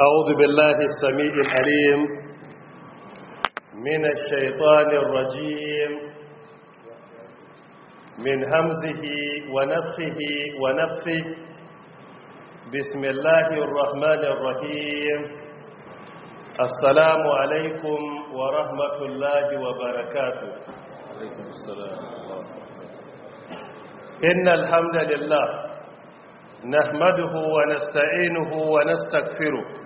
أعوذ بالله السميع العليم من الشيطان الرجيم من همزه ونفخه ونفسه بسم الله الرحمن الرحيم السلام عليكم ورحمة الله وبركاته عليكم السلام إن الحمد لله نحمده ونستعينه ونستغفره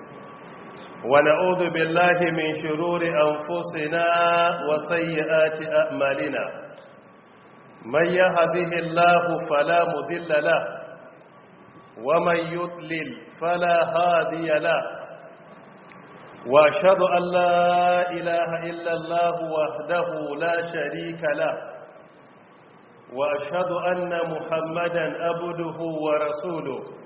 ونعوذ بالله من شرور أنفسنا وسيئات أعمالنا من يهده الله فلا مذل له ومن يضلل فلا هادي له وأشهد أن لا إله إلا الله وحده لا شريك له وأشهد أن محمدا أبده ورسوله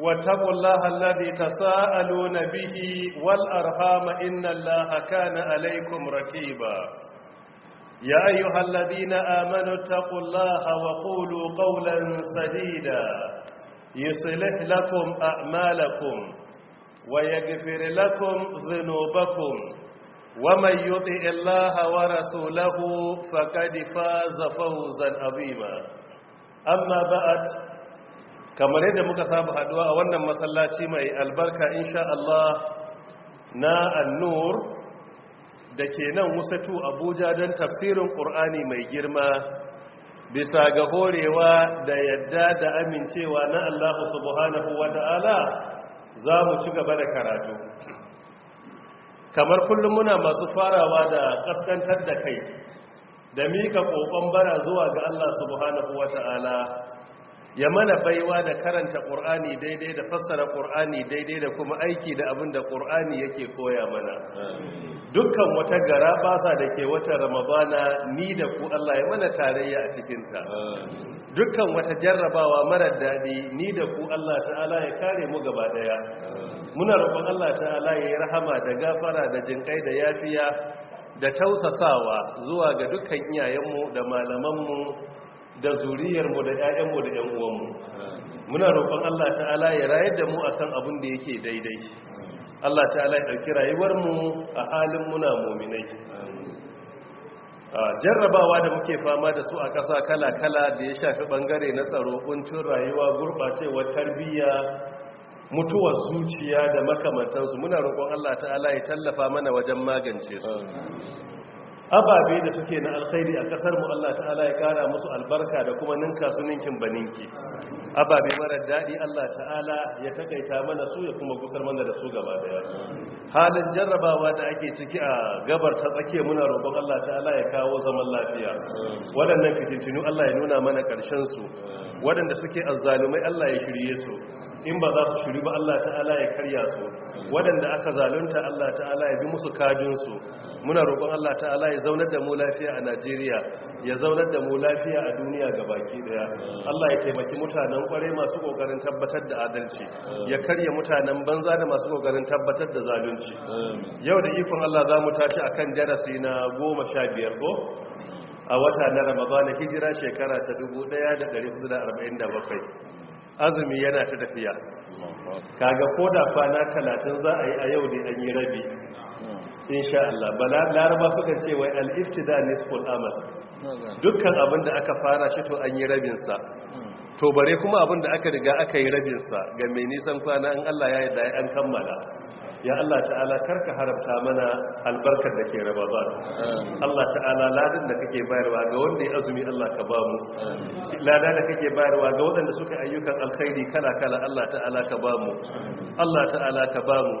واتقوا الله الذي تساءلون به والأرحام إن الله كان عليكم ركيبا يا أيها الذين آمنوا اتقوا الله وقولوا قولا سديدا يصلح لكم أعمالكم ويغفر لكم ذنوبكم ومن يطع الله ورسوله فقد فاز فوزا عظيما أما بعد kamar yadda muka saba haduwa a wannan masallaci mai albarka insha Allah na annur da ke nan wusatu abuja don tafsirin ƙur'ani mai girma bisa ga horewa da yadda da amincewa na Allah subhanahu wa ta'ala za mu ci gaba da karatu kamar kullum muna masu farawa da kaskantar da kai da mika ƙoƙon bara zuwa ga Allah subhanahu wa ta'ala ya mana baiwa da karanta ƙur'ani daidai da fassara ƙur'ani daidai da kuma aiki da abin da ƙur'ani yake koya mana dukkan wata gara basa da ke wata ramabana, ni da ku Allah ya mana tarayya a cikinta dukkan wata jarrabawa marar daɗi ni da ku Allah ta'ala ya kare mu gaba ɗaya. muna roƙon Allah ta'ala ya yi rahama da gafara da jinƙai da yafiya da tausasawa zuwa ga dukkan iyayenmu da malamanmu da zuriyarmu da 'ya'yanmu da 'yan uwanmu muna roƙon Allah ta'ala ya rayar da mu a akan abin da yake daidai Allah ta'ala ya ɗauki rayuwarmu a halin muna muminai jarrabawa da muke fama da su a ƙasa kala-kala da ya shafi ɓangare na tsaro kuncin rayuwa gurɓacewar tarbiyya mutuwar zuciya da makamantansu muna roƙon Allah ta'ala ya tallafa mana wajen magance su ababe da suke na alkhairi a kasar mu Allah ta'ala ya kara musu albarka da kuma ninka su ninkin baninki ababe mara dadi Allah ta'ala ya takaita mana su ya kuma gusar mana da su gaba daya halin jarrabawa da ake ciki a gabar ta tsakiya muna roƙon Allah ta'ala ya kawo zaman lafiya waɗannan fitintinu Allah ya nuna mana ƙarshen su waɗanda suke azzalumai Allah ya shirye su in ba za su shuri ba Allah ta'ala ya karya su waɗanda aka zalunta Allah ta'ala ya bi musu kajinsu muna roƙon Allah ta'ala ya zaunar da mu lafiya a Najeriya ya zaunar da mu lafiya a duniya ga baki daya Allah ya taimaki mutanen kwarai masu kokarin tabbatar da adalci ya karya mutanen banza da masu kokarin tabbatar da zalunci yau da ikon Allah za mu tashi kan darasi na goma sha biyar ko a wata na Ramadana hijira shekara ta da bakwai. azumi yana ta tafiya kaga ko da kwana talatin za a yi a yau ne an yi rabi insha Allah bala laraba suka ce wai al-iftida nisful amal dukkan abin da aka fara shi to an yi rabin sa to bare kuma abin da aka riga aka yi rabin sa ga mai nisan kwana in Allah ya yarda an kammala ya Allah ta'ala karka haramta mana albarkar da ke raba ba Allah ta'ala ladan da kake bayarwa ga wanda ya azumi Allah ka ba mu ladan da kake bayarwa ga waɗanda suka ayyukan alkhairi kala kala Allah ta'ala ka ba mu Allah ta'ala ka ba mu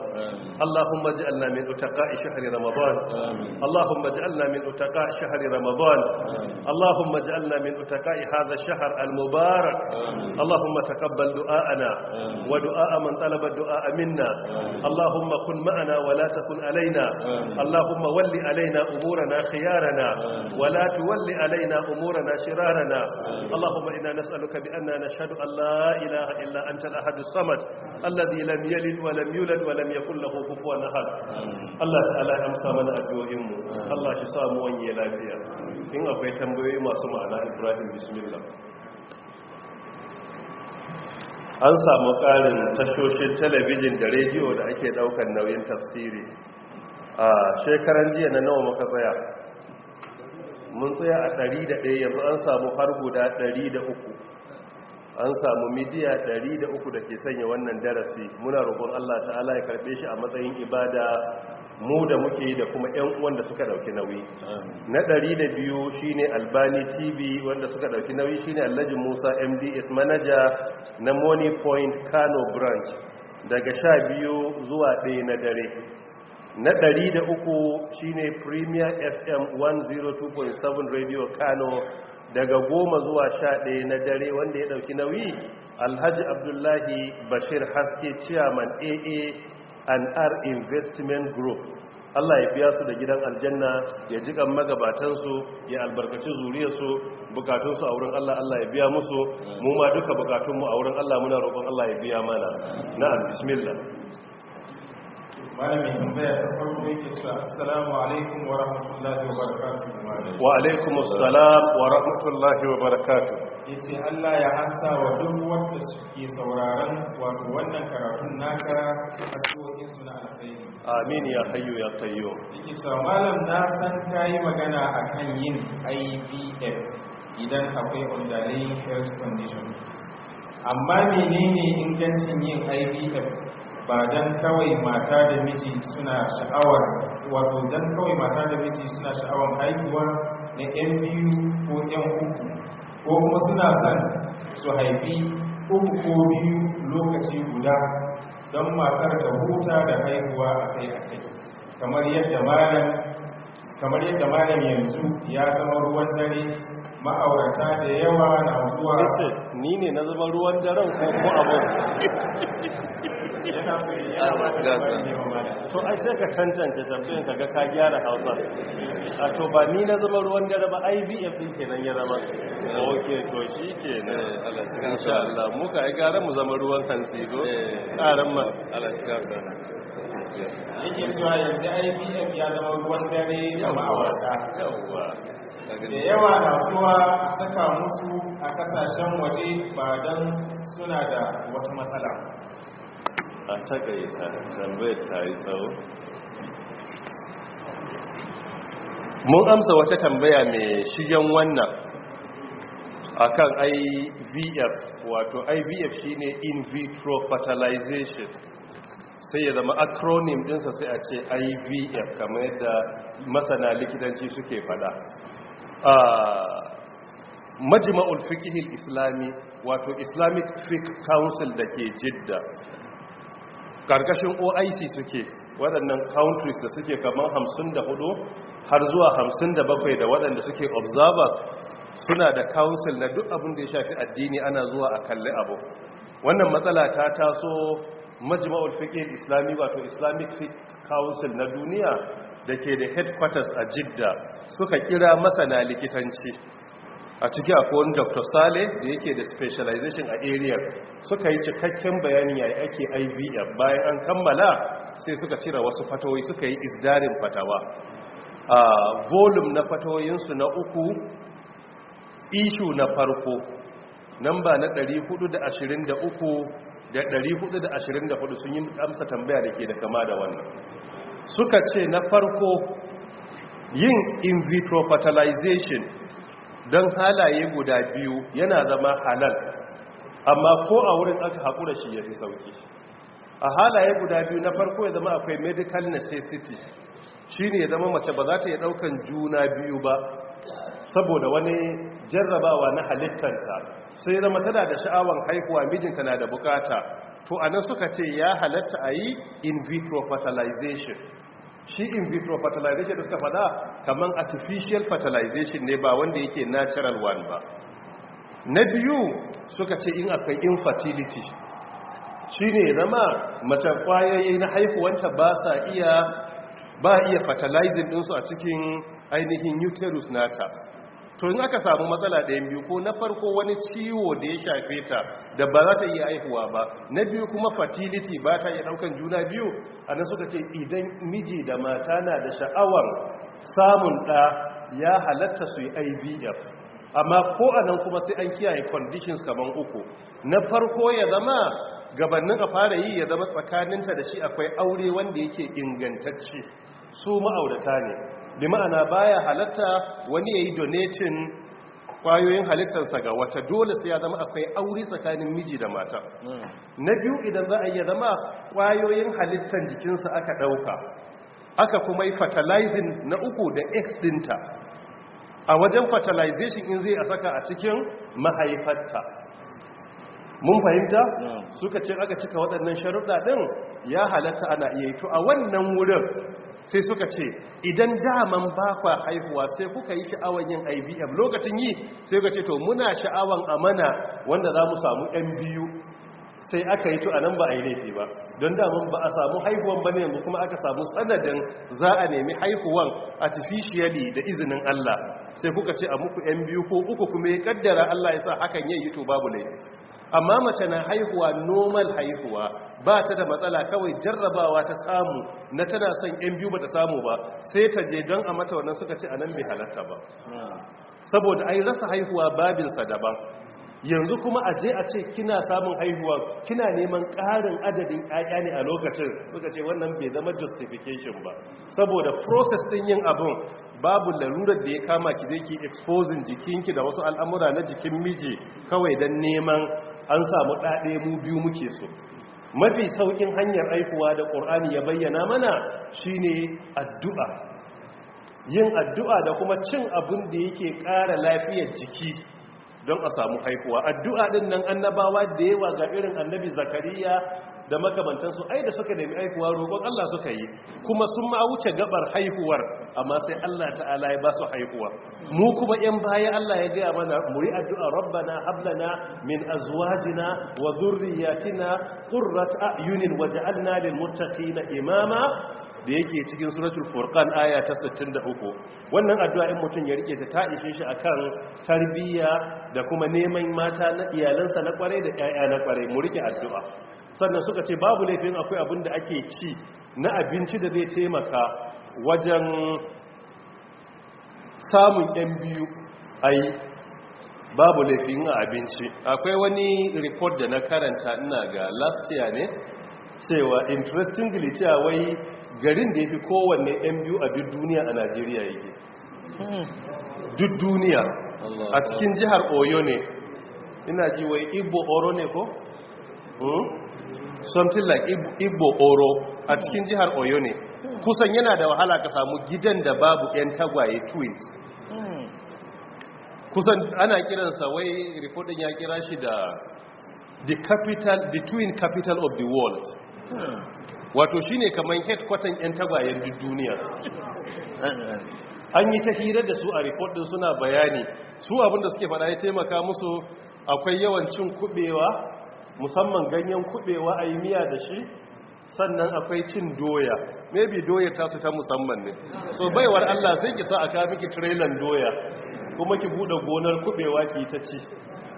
Allahumma ij'alna min utaqa'i shahri ramadan Allahumma ij'alna min utaqa'i shahri ramadan Allahumma ij'alna min utaqa'i hadha ash-shahr al-mubarak Allahumma taqabbal du'a'ana wa du'a'a man talaba du'a minna Allahumma اللهم كن معنا ولا تكن علينا اللهم ول علينا أمورنا خيارنا ولا تول علينا أمورنا شرارنا اللهم إنا نسألك بأننا نشهد أن لا إله إلا أنت الأحد الصمد الذي لم يلد ولم يولد ولم يكن له كفوا أحد الله تعالى أمسى من أدوهم الله يسامو وين يلافيا إن أبيتم بي ما سمعنا إبراهيم بسم الله an samu ƙarin tashoshin talabijin da rediyo da ake ɗaukar nauyin tafsiri a shekaran jiya na nawa muka tsaya mun tsaya a da 101 yanzu an samu har guda 103 an samu midiya ɗari da uku da ke sanya wannan darasi muna roƙon Allah ta'ala ya karɓe shi a matsayin ibada mu da muke da kuma 'yan uwan da suka dauki nauyi na ɗari da biyu shine albani tv wanda suka dauki nauyi shine alhaji musa mds manager na money point kano branch daga sha zuwa ɗaya na dare na ɗari da uku shine premier fm 102.7 radio kano daga goma zuwa sha ɗaya na dare wanda ya dauki nauyi alhaji abdullahi bashir haske chairman aa and r investment group Allah ya biya su da gidan aljanna ya ji kan magabatansu ya albarkaci zuriyarsu bukatunsu a wurin Allah Allah ya biya musu mu ma duka bukatunmu a wurin Allah muna roƙon Allah ya biya mana na'am bismillah malami tambaya ta farko yake cewa assalamu alaikum wa rahmatullahi wa barakatuh wa alaikum assalam wa rahmatullahi wa barakatuh ya ce Allah ya hasa wa duk wanda suke sauraron wato wannan karatun naka a cikin suna alkhairi amin ya hayyu ya tayyo yake cewa malam na san kai magana akan yin IVF idan akwai underlying health condition amma menene ingancin yin IVF ba dan kawai mata da miji suna sha'awar wato dan kawai mata da miji suna sha'awar haihuwa na MBU ko yan uku ko kuma suna san su haifi uku ko biyu lokaci guda don matar ta huta da haihuwa a kai a kai kamar yadda malam yanzu ya zama ruwan dare ma'aurata da yawa na zuwa ni ne na zama ruwan daren ko abu to ai sai ka tantance tambayin ka ga ka gyara hausa a to ba ni na zama ruwan gada ba ivf din kenan ya zama ok to shi ke ne insha Allah muka ai gara mu zama ruwan hantsi go eh. karan ma Allah shi yake cewa yanzu ivf ya zama ruwan dare da ma'aurata da yawa na zuwa saka musu a kasashen waje ba don suna da wata matsala yi tsawo mun amsa wata tambaya mai shigen wannan akan ivf wato ivf shine in vitro fertilization sai ya zama acronym dinsa sai a ce ivf kamar yadda masana likitanci suke fada Majima Ulfikihil islami wato islamic fiqh council da ke jidda ƙarƙashin oic suke waɗannan countries da suke kamar 54 har zuwa 57 da waɗanda suke observers suna da council na duk abin da ya shafi addini ana zuwa a kalli abu wannan matsala ta taso majma'ul fiqh islami wato islamic fiqh council na duniya da ke da headquarters a jidda suka kira masana likitanci a ciki akwai wani dr sale da yake da specialization a area suka yi cikakken bayani ya ake ivf bayan an kammala sai suka cira wasu fatoyi suka yi izdarin fatawa a volume na fatawoyinsu na uku ishu na farko namba na 423 da 424 sun yi amsa tambaya da ke da kama da wannan suka ce na farko yin in vitro fertilization don halaye guda biyu yana zama halal amma ko a wurin aka haƙura shi ya fi sauƙi a halaye guda biyu na farko ya zama akwai medical necessity shi ne ya zama mace ba za ta yi ɗaukan juna biyu ba saboda wani jarrabawa na halittanta sai zama tana da sha'awan haihuwa mijinta na da bukata to a nan suka ce ya halatta a yi in vitro fertilization shi in vitro fertilization da suka fada kamar artificial fertilization ne ba wanda yake natural one ba na biyu suka ce in akwai infertility shi ne zama mace kwayoyi na haifuwanta ba sa iya ba iya fertilizing ɗinsu a cikin ainihin uterus nata to in aka samu matsala ɗaya biyu ko na farko wani ciwo da ya shafe ta da ba za ta yi aihuwa ba na biyu kuma fertility ba ta iya ɗaukan juna biyu a nan suka ce idan miji da mata na da sha'awar samun ɗa ya halatta su yi ivf amma ko a nan kuma sai an kiyaye conditions kamar uku na farko ya zama gabanin a fara yi ya zama tsakaninta da shi akwai aure wanda yake ingantacce su ma'aurata ne bi ma'ana baya halatta wani yayi donating kwayoyin halittarsa ga wata dole sai ya zama akwai aure tsakanin miji da mata hmm. na biyu idan za a iya zama kwayoyin halittar jikinsa aka ɗauka aka kuma yi fertilizing na uku da x dinta a wajen fertilization in zai a saka a cikin mahaifarta mun fahimta hmm. suka ce aka cika waɗannan sharuɗa ɗin ya halatta ana iya yi to a wannan wurin sai suka ce idan daman ba kwa haihuwa sai kuka yi sha'awan yin ibm lokacin yi sai kuka ce to muna sha'awan amana wanda za mu samu yan biyu sai aka yi to nan ba a yi laifi ba don daman ba a samu haihuwan ba ne yanzu kuma aka samu sanadin za a nemi haihuwan artificially da izinin Allah sai kuka ce a muku yan biyu ko uku kuma ya kaddara Allah ya sa hakan yayi to babu laifi amma mace na haihuwa normal haihuwa ba ta da matsala kawai jarrabawa ta samu na tana son yan biyu ba ta samu ba sai ta je don a mata wannan suka ce a nan bai halatta ba saboda ai rasa haihuwa babinsa daban yanzu kuma a je a ce kina samun haihuwa kina neman ƙarin adadin ƴaƴa ne a lokacin suka ce wannan bai zama justification ba saboda process din yin abun babu larurar da ya kama ki zai ki exposing jikinki da wasu al'amura na jikin miji kawai don neman an samu ɗaɗe mu biyu muke so mafi saukin hanyar aikuwa da ƙur'ani ya bayyana mana shine addu'a yin addu'a da kuma cin abin da yake ƙara lafiyar jiki don a samu haifuwa addu'a ɗin nan annabawa da yawa ga irin annabi zakariya da makamantansu ai da suka nemi aikuwa roƙon Allah suka yi kuma sun ma wuce gabar haihuwar amma sai Allah ta'ala ya ba su haihuwa mu kuma yan baya Allah ya gaya mana muri addu'a rabbana hablana min azwajina wa dhurriyyatina Yunin a'yunin waj'alna lil na imama da yake cikin suratul furqan aya ta 63 wannan addu'a in mutum ya rike ta ta ishe shi akan tarbiyya da kuma neman mata na iyalansa na kware da ƴaƴa na kware mu rike addu'a sannan suka ce babu laifin akwai abin da ake ci na abinci da zai taimaka wajen samun yan biyu a yi babu laifin a abinci akwai wani report da na karanta ina ga last year ne cewa interestingly cewa wai garin da ya fi kowanne yan biyu a duk duniya a najeriya yake duk duniya a cikin jihar oyo ne ina ji wai igbo oro ne ko? Hmm? something like igbo oro a cikin jihar oyo ne kusan yana da wahala ka samu gidan da babu 'yan tagwaye twins kusan ana kiransa wai rikodin ya kira shi da the capital the twin capital of the world wato shine kamar headquarter 'yan tagwayen duniya an yi ta hira da su a rikodin suna bayani su abinda suke faɗa ya taimaka musu akwai yawan cin kubewa musamman ganyen kubewa a yi miya da shi sannan akwai cin doya maybe doya su ta musamman ne so baiwar Allah sai ki sa a ka miki trailer doya kuma ki bude gonar kubewa ki ta ci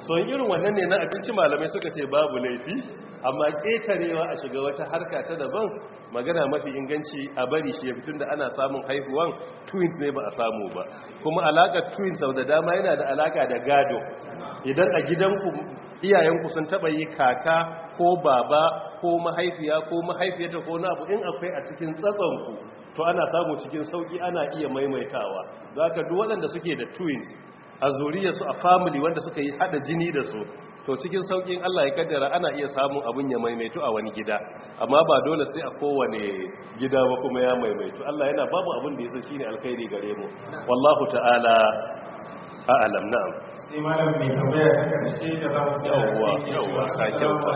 so irin wannan ne na abinci malamai suka ce babu laifi amma ƙetarewa a shiga wata harka ta daban magana mafi inganci a bari shi fitun da ana samun haihuwan twins ne ba a samu ba kuma alakar twins sau da dama yana da alaka da gado idan a gidanku iyayenku sun taba yi kaka ko baba ko mahaifiya ko mahaifiyata ko na abu in akwai a cikin tsatsanku to ana samu cikin sauki ana iya maimaitawa za ka duk waɗanda suke da twins a zuriyarsu a family wanda suka yi haɗa jini da su to cikin saukin Allah ya kaddara ana iya samun abun ya maimaitu a wani gida amma ba dole sai a kowane gida ba kuma ya maimaitu Allah yana babu abin da ya san shine alkhairi gare mu wallahu ta'ala a'alam na'am sai malam mai tambaya ta karshe da za mu yawwa yawwa ka kyauta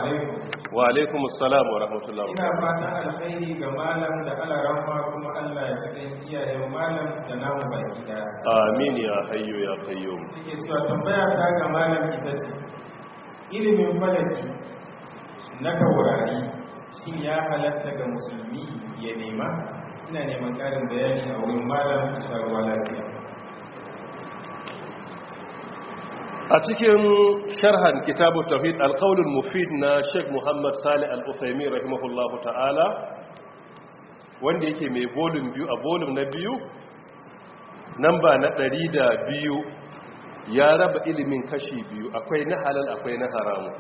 wa alaikum assalam wa rahmatullah ina fata alkhairi ga malam da Allah rahma kuma Allah ya cikin iyayen malam da namu baki daya amin ya hayyu ya qayyum yake cewa tambaya ta ga malam ita ce ilimin falaki na taurari shi ya halatta ga musulmi ya nema ina neman karin bayani a wurin malam insha Allah lafiya a cikin sharhan kitabu tawhid alqaulul mufid na Sheikh Muhammad sali al usaimi rahimahullahu ta'ala wanda yake mai volume biyu a volume na biyu namba na ɗari da biyu ya raba ilimin kashi biyu akwai na halal akwai na haramu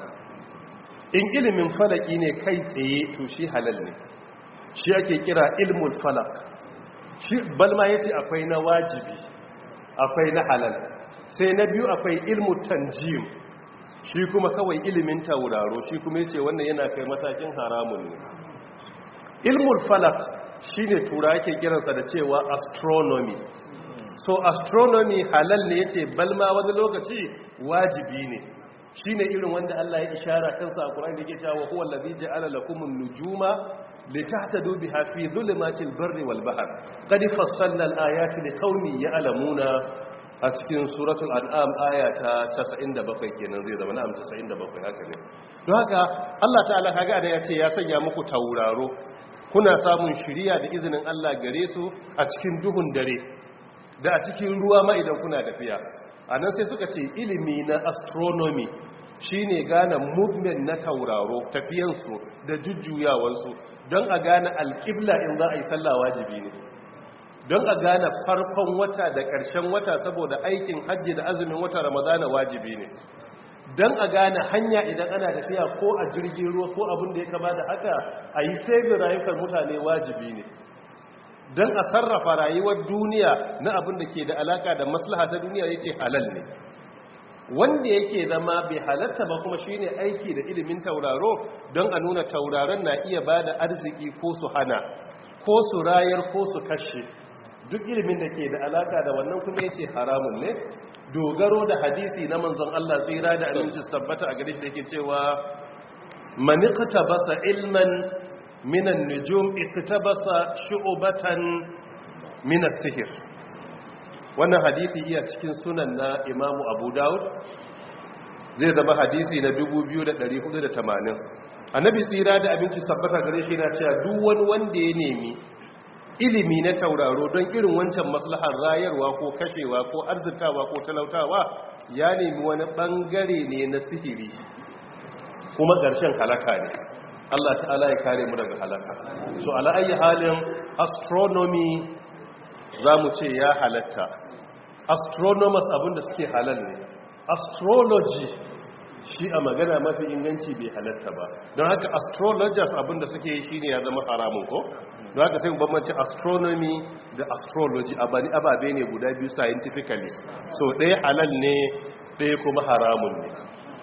in ilimin falaki ne kai tsaye to shi halal ne shi ake kira ilmul falak shi balma yace akwai na wajibi akwai na halal sai na biyu akwai ilmu tanjim shi kuma kawai ilimin tauraro shi kuma yace wannan yana kai matakin haramun ne ilmul falak shine tura yake kiransa da cewa astronomy so astronomy halal ne yace balma wani lokaci wajibi ne shine irin wanda Allah ya ishara kansa a Qur'ani yake cewa huwa allazi ja'ala lakumun nujuma لتعتدوا بها في ظلمات sallar A قد فصلنا الآيات ya alamuna. a cikin suratul an'am aya ta 97 kenan zai zama na'am 97 haka ne don haka Allah ta'ala kaga da ya ce ya sanya muku tauraro kuna samun shiriya da izinin Allah gare su a cikin duhun dare da a cikin ruwa ma idan kuna tafiya anan sai suka ce ilimi na astronomy shine gane movement na tauraro su da jujjuyawansu don a gane alƙibla in za a yi sallah wajibi ne don a gane farkon wata da ƙarshen wata saboda aikin hajji da azumin wata ramadana wajibi ne don a gane hanya idan ana tafiya ko a jirgin ruwa ko abin da ya kama da haka a yi sabin rayukan mutane wajibi ne don a sarrafa rayuwar duniya na abin da ke da alaka da maslaha ta duniya ya ce halal ne wanda yake zama bai halatta ba kuma shine aiki da ilimin tauraro don a nuna tauraron na iya ba da arziki ko su hana ko su rayar ko su kashe duk ilimin da ke da alaka da wannan kuma ce haramun ne dogaro da hadisi na manzon Allah tsira da aminci tabbata a gare shi yake cewa man iqtabasa ilman min an-nujum iqtabasa shu'batan min as-sihr wannan hadisi iya cikin sunan na Imam Abu Dawud zai zama hadisi na 2480 annabi tsira da abinci tabbata gare shi na cewa duk wani wanda ya nemi ilimi na tauraro don irin wancan maslahar rayarwa ko kashewa ko arzikawa ko talautawa ya nemi wani bangare ne na sihiri kuma ƙarshen halaka ne Allah ta'ala ya kare mu daga halaka so ala'ayi halin astronomy za mu ce ya halatta astronomers abinda suke halal ne astrology shi a magana mafi inganci bai halatta ba don haka astrologers abinda suke yi shine ya zama haramun ko don haka sai bambanci astronomy da astrology ababe ne guda biyu scientifically so ɗaya halal ne ɗaya kuma haramun ne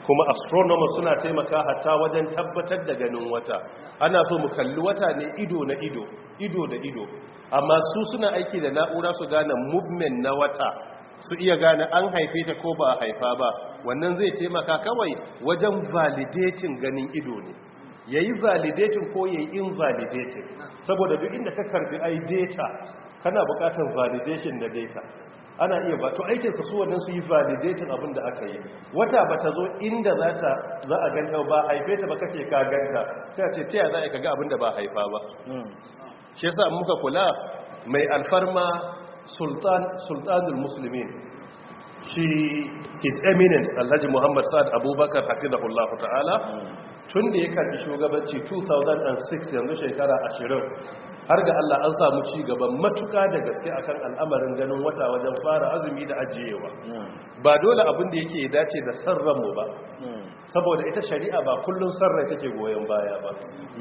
kuma astronomers suna taimaka hatta wajen tabbatar da ganin wata ana so mu kalli wata ne ido na ido ido da ido amma su suna aiki da na'ura su gane movement na wata su iya gane an haife ta ko ba a haifa ba wannan zai taimaka kawai wajen validating ganin ido ne ya yi validating ko ya yi invalidating saboda duk inda ka karbi ai data kana bukatar validation da data ana iya ba to aikinsa su wannan su yi validating abin da aka yi wata ba ta zo inda za ta za a ganta oh, ba haife ta ba kace ka ganta sai a ce ta za a ga abin da ba haifa ba hmm. shi yasa muka kula mai alfarma Sultan, Sultanul Muslimin shi his eminence Alhaji Muhammad Sa'ad Abubakar hafizahullahu ta'ala tun da ya karbi shugabanci 2006 yanzu shekara 20 har ga Allah an samu ci gaban matuka da gaske akan al'amarin ganin wata wajen fara azumi da ajiyewa ba dole abin da yake dace da mu ba saboda ita shari'a ba kullum sarrai take goyon baya ba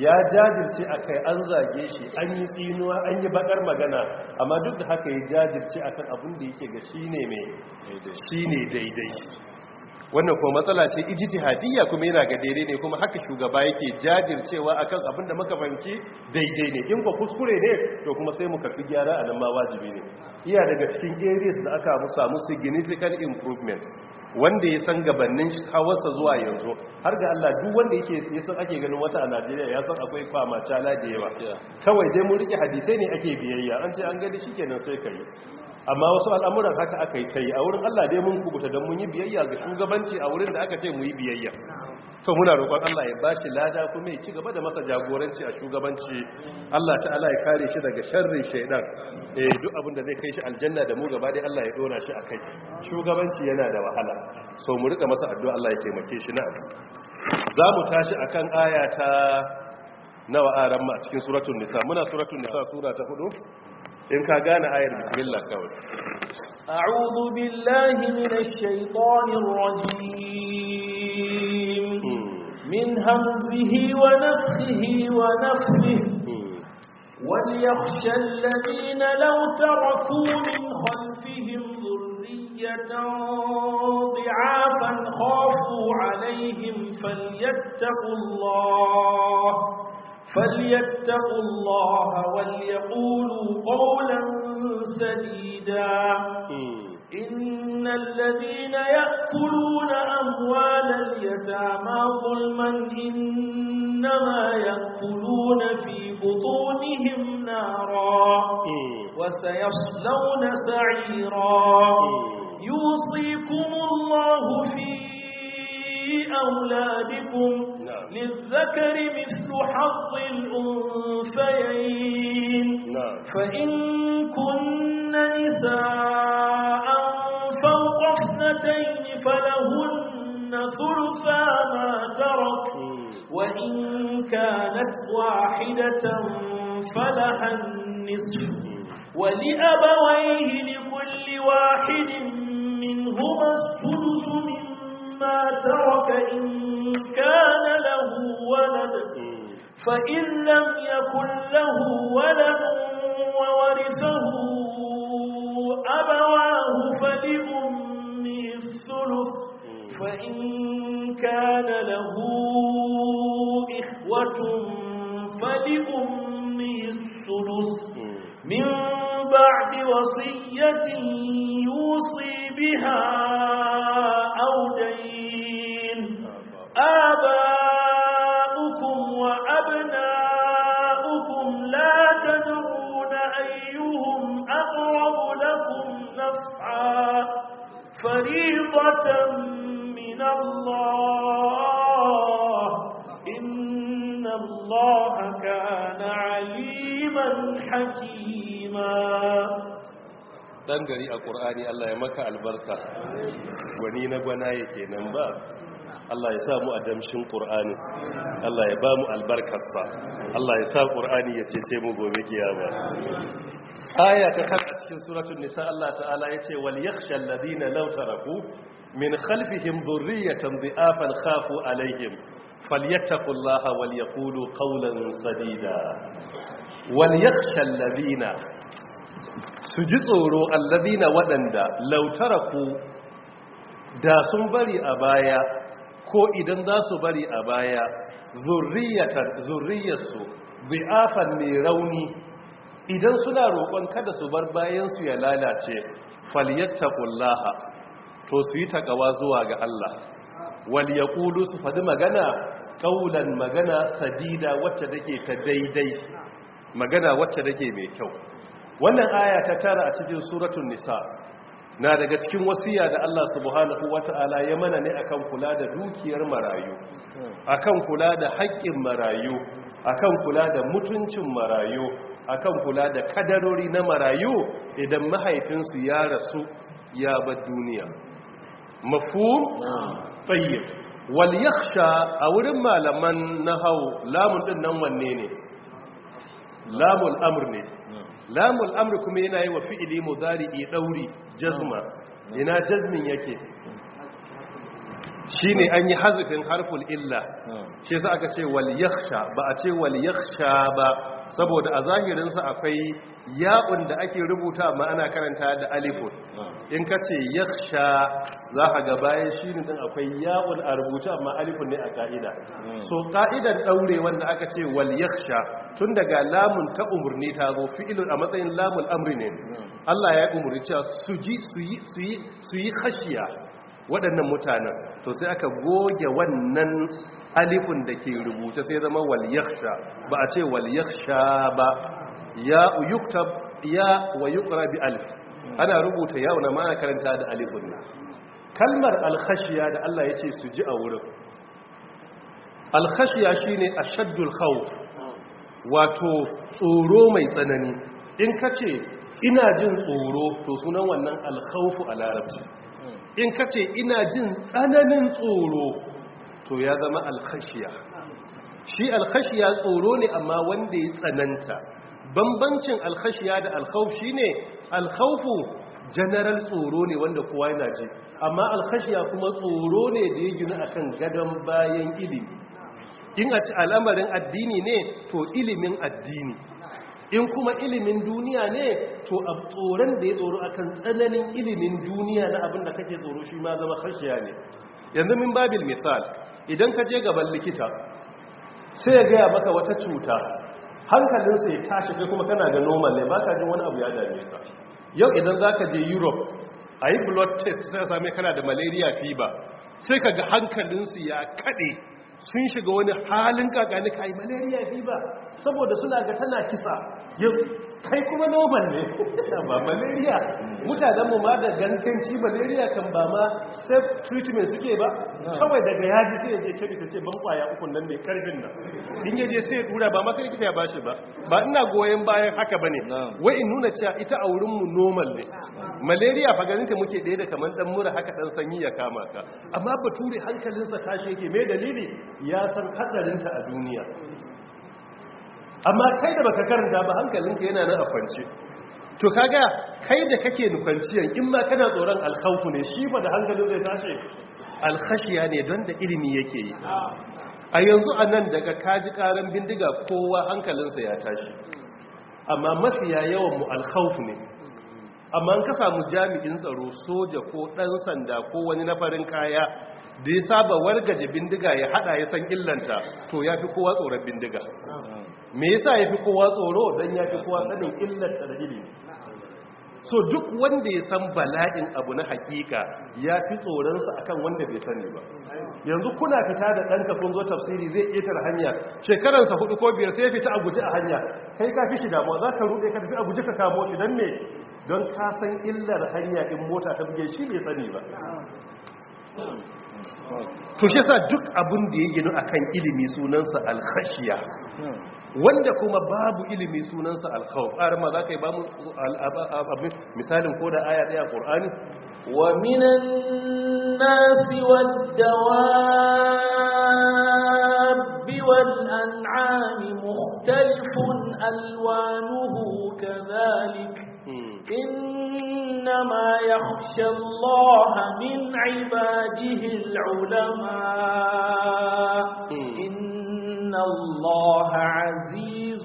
ya jajirce akai an zage shi an yi tsinuwa an yi bakar magana amma duk da haka ya jajirce akan abin da yake ga shine mai shine daidai wannan kuma matsala ce hadiyya kuma yana ga daidai ne kuma haka shugaba yake jajircewa akan abin da muka fahimci daidai ne in ba kuskure ne to kuma sai mu karfi gyara a nan ma wajibi ne iya daga cikin areas da aka samu significant improvement wanda ya san gabanin hawarsa zuwa yanzu har ga Allah duk wanda yake ya san ake ganin wata a Najeriya ya san akwai kwama cala da yawa kawai dai mun rike hadisai ne ake biyayya an ce an gani shikenan sai kai amma wasu al'amuran haka aka yi ta yi a wurin Allah dai mun kubuta don mun yi biyayya ga shugabanci a wurin da aka ce mu yi biyayya to muna roƙon Allah ya ba shi lada kuma ya ci gaba da masa jagoranci a shugabanci Allah ta'ala ya kare shi daga sharrin shaidan eh duk abin da zai kai shi aljanna da mu gaba dai Allah ya dora shi kai. shugabanci yana da wahala so mu rika masa addu'a Allah ya taimake shi na za mu tashi akan aya ta nawa aran ma a cikin suratul nisa muna suratul nisa sura ta huɗu? in ka gane ayar bismillah kawai a'udhu billahi minash shaitanir rajim min hamzihi wa nafthihi wa nafthihi وليخشى الذين لو تركوا من خلفهم ذرية ضعافا خافوا عليهم فليتقوا الله فليتقوا الله وليقولوا قولا سديدا إن الذين يأكلون أموال اليتامى ظلما إنما يأكلون في بطونهم نارا وسيصلون سعيرا يوصيكم الله في أولادكم نعم. للذكر مثل حظ الأنثيين نعم. فإن كن نساء فوق اثنتين فلهن ثلثا ما ترك وإن كانت واحدة فلها النصف ولأبويه لكل واحد منهما الثلث مما ترك إن كان له ولد فإن لم يكن له ولد وورثه أبواه فلأمه الثلث فإن كان له إخوة فلأمه الثلث من بعد وصية يوصي بها أو دين آباؤكم وأبناؤكم لا تدرون أيهم أقرب لكم نفعا فريضة من الله إن الله كان aliman hakima dan gari a ƙur'ani Allah ya maka albarka gwani na gwana yake nan ba Allah ya samu a damshin ƙur'ani Allah ya ba mu albarkarsa Allah ya sa ƙur'ani ya ce mu gobe kiyama aya ta kan a cikin suratul nisa Allah ta'ala ya ce wal yakhsha alladhina law taraku min khalfihim dhurriyatan dhi'afan khafu alaihim falyattaqullaha wal yaqulu qawlan sadida wal yakhsha su ji tsoro allazina waɗanda ku? da sun bari a baya ko idan za su bari a baya zurriyarsu bi'afan mai rauni idan suna roƙon kada su bar bayansu ya lalace ƙullaha, to su yi takawa zuwa ga Allah wal yaqulu su faɗi magana ƙaulan magana sadida wacce take ta daidai magana wacce take mai kyau wannan aya ta tara a cikin suratul nisa na daga cikin wasiya da Allah subhanahu wata'ala ya mana ne akan kula da dukiyar marayu akan kula da haƙƙin marayu akan kula da mutuncin marayu akan kula da kadarori na marayu idan mahaifinsu ya rasu ya bar duniya mafhum tayyib wal yakhsha a wurin malaman nahaw lamun din nan wanne ne lamul amr ne hmm. lamul amr kuma yana yi wa fi'ili mudari'i dauri jazma hmm. ina jazmin yake hmm. shi ne an yi hazifin harful illa shi yasa aka ce wal yakhsha ba a ce wal yakhsha ba saboda a zahirinsa akwai ya'un da ake rubuta amma ana karanta da alifun in ka ce sha za a ga shi ne akwai ya'un a rubuta amma alifun ne a ka'ida hmm. so ka'idar ɗaure wanda aka ce wal sha tun daga lamun ta umarni ta zo fi'ilun a matsayin lamun amri ne hmm. Allah ya umarni cewa su ji su yi hashiya waɗannan mutanen to sai aka goge wannan alifun da ke rubuta sai zama waliyaksha ba a ce waliyaksha ba ya ya wa yukra bi alif ana rubuta ya na mana karanta da alifun na kalmar alkhashiya da Allah ya ce su ji a wurin alkhashiya shine shaddul khawf wato tsoro mai tsanani in ka ce ina jin tsoro to sunan wannan alkhawfu a larabci in ka ce ina jin tsananin tsoro to ya zama alkhashiya shi alkhashiya tsoro ne amma wanda ya tsananta bambancin alkhashiya da alkhawf shine alkhawfu general tsoro ne wanda kowa yana ji amma alkhashiya kuma tsoro ne da ya gina akan gadon bayan ilimi in a al'amarin addini ne to ilimin addini in kuma ilimin duniya ne to a tsoron da ya tsoro akan tsananin ilimin duniya na abin da kake tsoro shi ma zama khashiya ne yanzu min babil misal idan ka je gaban likita sai ya gaya maka wata cuta hankalinsa ya tashi sai kuma kana ga normal ne ba ka jin wani abu ya dame ka yau idan za ka je europe a yi blood test sai same kana da malaria fever sai ka ga hankalinsu ya kaɗe sun shiga wani halin kakanika a yi malaria fever saboda suna ga tana kisa kai kuma noman ne ba malaria mutanenmu ma da gankanci malaria kan ba ma self treatment suke ba kawai daga yaji sai ya je ta ce ban kwaya ukun nan mai karfin nan in ya je sai ya dura ba maka likita ya bashi ba ba ina goyon bayan haka ba ne wai in nuna cewa ita a wurinmu normal ne malaria fa ganin ta muke ɗaya da kamar ɗan mura haka dan sanyi ya kama ka amma bature hankalinsa tashi yake mai dalili ya san hatsarinta a duniya amma kai da baka karanta ba hankalinka yana nan a kwance to kaga kai da kake nukwanciyan in ma kana tsoron alkhawfu ne shi ba da hankalin zai tashi alkhashiya ne don da ilimi yake yi a yanzu a nan daga kaji karan bindiga kowa hankalinsa ya tashi amma mafiya yawan mu alkhawfu ne amma an ka samu jami'in tsaro soja ko ɗan sanda ko wani na farin kaya da ya saba wargaje bindiga ya haɗa ya san illanta to ya fi kowa tsoron bindiga me yasa yafi kowa tsoro dan yafi kowa sanin illar da ilimi so duk wanda ya san bala'in abu na hakika ya fi tsoronsa akan wanda bai sani ba yanzu kuna fita da danka kun zo tafsiri zai ƙetare hanya sa hudu ko biyar sai ya fita a guji a hanya kai ka fi shi damuwa za ka ruɗe ka tafi a guji ka kamo shi dan me don ka san illar hanya in mota ta buge shi bai sani ba to shi sa duk abin da ya ginu akan ilimi sunansa alkhashiya wanda kuma babu ilimi sunansa alkhawf har ma za ka yi ba abin misalin ko da aya daya qur'ani wa minan nasi wad dawabi wal an'ami mukhtalifun alwanuhu kadhalik إنما يخشى الله من عباده العلماء إن الله عزيز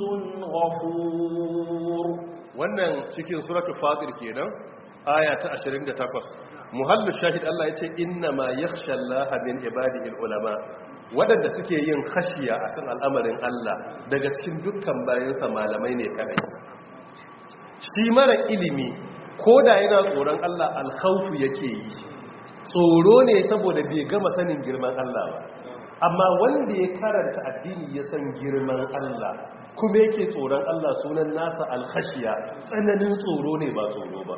غفور wannan cikin suratul fatir kenan aya ta 28 muhallu shahid Allah yace inna ma yakhsha Allah min ibadihi ulama wadanda suke yin khashiya akan al'amarin Allah daga cikin dukkan bayansa malamai ne kadai shi mara ilimi ko da yana tsoron Allah alkhawfu yake yi tsoro ne saboda bai gama sanin girman Allah ba amma wanda ya karanta addini ya san girman Allah kuma yake tsoron Allah sunan nasa alkhashiya tsananin tsoro ne ba tsoro ba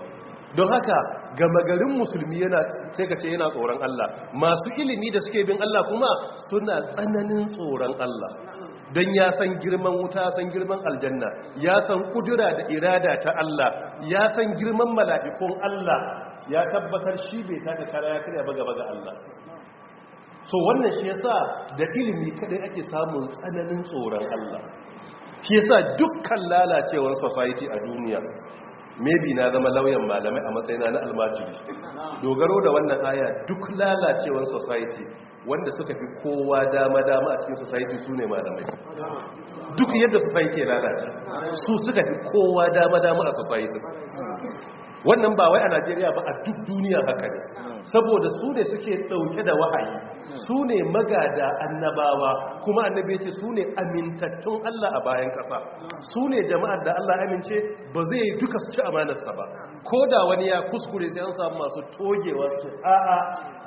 don haka gama garin musulmi yana sai ka ce yana tsoron Allah masu ilimi da suke bin Allah kuma suna tsananin tsoron Allah don ya san girman wuta san girman aljanna ya san kudura da irada ta Allah ya san girman mala'ikun Allah ya tabbatar shi bai taka kara ya karya baga baga Allah so wannan shi yasa da ilimi kadai ake samun tsananin tsoron Allah shi yasa dukkan lalacewar society a duniya maybe na zama lauyan malamai a matsayina na almajiri dogaro da wannan aya duk lalacewar society wanda suka fi kowa dama-dama a cikin society su ne malamai duk yadda society ke lalace su suka fi kowa dama-dama a society wannan ba wai a najeriya ba a duk duniya haka ne saboda su ne suke ɗauke da wahayi su ne magada annabawa kuma annabi ya ce su ne amintattun Allah a bayan ƙasa su ne jama'ar da Allah amince ba zai yi duka su ci amanarsa ba ko da wani ya kuskure sai an samu masu togewa su a'a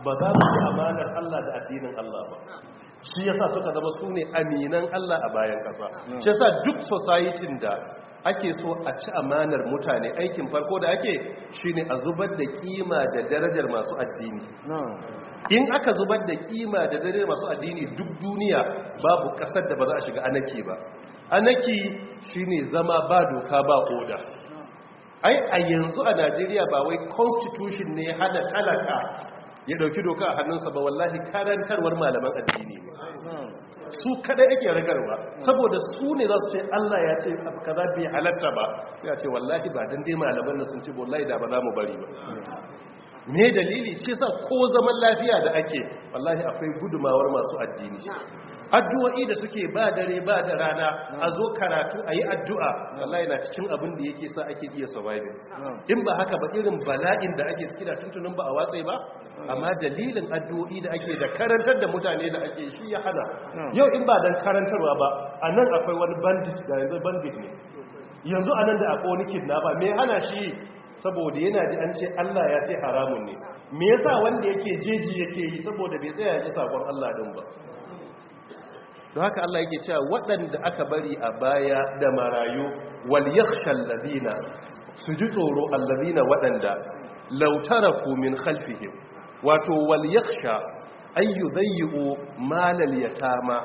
ba za su ci amanar Allah da addinin Allah ba shi yasa suka zama su ne aminan Allah a bayan ƙasa shi yasa duk society da ake so a ci amanar mutane aikin farko da ake shine a zubar da kima da darajar masu addini in aka zubar da kima da darajar masu addini duk duniya babu kasar da ba za a shiga anaki ba anaki shine zama ba doka ba oda ai a yanzu a Najeriya ba wai constitution ne hada talaka ya dauki doka a hannunsa ba wallahi karantarwar malaman addini ne su kada yake ragarwa saboda su ne za su ce Allah ya ce kaza bai halatta ba sai ce wallahi ba dan dai malaman da sun ce wallahi da ba za mu bari ba me dalili shi sa ko zaman lafiya da ake wallahi akwai gudumawar masu addini addu'o'i da suke ba dare ba da rana a zo karatu a yi addu'a wallahi na cikin abin da yake sa ake iya surviving in ba haka ba irin bala'in da ake ciki da tuntunin ba a watsai ba amma dalilin addu'o'i da ake da karantar da mutane da ake shi ya hana yau in ba dan karantarwa ba a akwai wani bandit da yanzu bandit ne yanzu a nan da akwai wani kidnapper me hana shi saboda yana ji an ce Allah ya ce haramun ne me yasa wanda yake jeji yake yi saboda bai tsaya ji sakon Allah din ba don haka Allah yake cewa waɗanda aka bari a baya da marayu wal yakhshal ladina su ji tsoro alladina waɗanda taraku min khalfihim wato wal yakhsha ayyu mal al yatama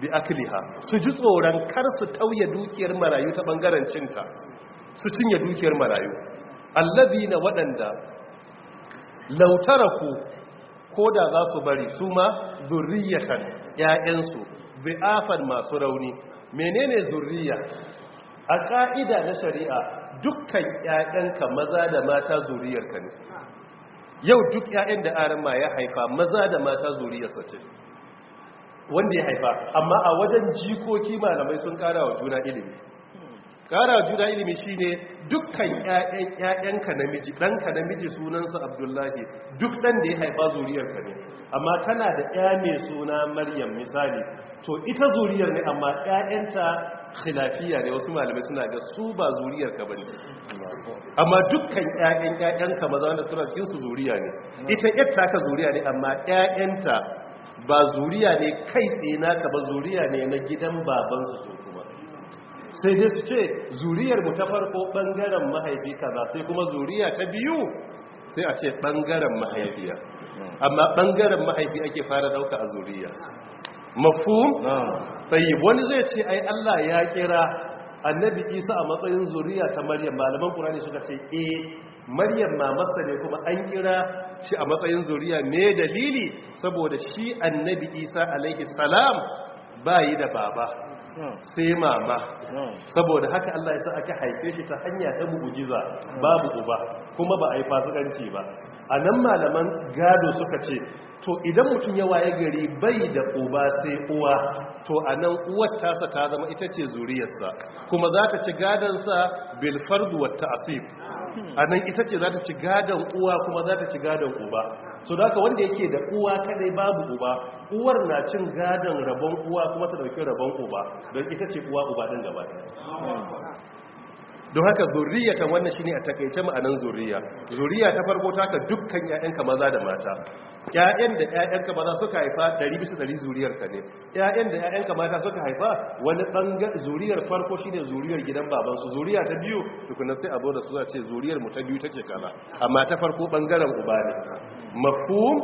bi akliha su ji tsoron kar su tauye dukiyar marayu ta bangaren cinta su cinye dukiyar marayu allazi na waɗanda lautaraku ko da za su bari su ma zurriyatan ‘ya'yansu bi'afan masu rauni menene zurriya a ƙa'ida na shari'a dukkan ‘ya'yanka maza da mata ka ne yau duk ‘ya'yan da arama ya haifa maza da mata zurriyarsa ce wanda ya haifa amma a wajen jikoki malamai sun ƙara wa juna ilimi kara juna ilimi shi ne dukkan ƴaƴanka namiji ɗanka namiji sunansa abdullahi duk ɗan da ya haifa zuriyarka ne amma tana da ƴa mai suna maryam misali to ita zuriyar ne amma ƴaƴanta khilafiya ne wasu malamai suna ga su ba zuriyar ka ne, amma dukkan ƴaƴan ƴaƴan maza wanda suna cikin su zuriya ne ita ƴatta ka zuriya ne amma ƴaƴanta ba zuriya ne kai tsaye naka ba zuriya ne na gidan babansu su sai dai su ce zuriyar mu ta farko bangaren mahaifi kaza sai kuma zuriya ta biyu sai a ce bangaren mahaifiya amma bangaren mahaifi ake fara dauka a zuriya mafu tayyib wani zai ce ai Allah ya kira annabi Isa a matsayin zuriya ta Maryam malaman Qur'ani suka ce e, Maryam ma masa ne kuma an kira shi a matsayin zuriya me dalili saboda shi annabi Isa alaihi salam bayi da baba sai mama saboda haka Allah ya sa aka haife shi ta hanya ta mu'jiza babu uba kuma ba a yi fasikanci ba a nan malaman gado suka ce to idan mutum ya waye gari bai da uba sai uwa to a nan uwar tasa ta zama ita ce zuriyarsa kuma za ta ci gadon sa wa ta'asif a nan ita ce za ta ci gadon uwa kuma za ta ci gadon uba so da wanda yake da uwa kadai babu uba uwar na cin gadon rabon uwa kuma ta dauki rabon uba don ita ce uwa uba din gaba don haka zurriyatan wannan ne a takaice ma'anan zurriya zurriya ta farko ta ka dukkan 'ya'yanka maza da mata 'ya'yan da 'ya'yanka maza suka haifa 100 bisa 100 zuriyar ka ne 'ya'yan da 'ya'yanka mata suka haifa wani bangar zuriyar farko shi ne zuriyar gidan babansu zuriya ta biyu tukuna sai a da su za ce zuriyar mu ta biyu take kaza amma ta farko ɓangaren uba ne mafhum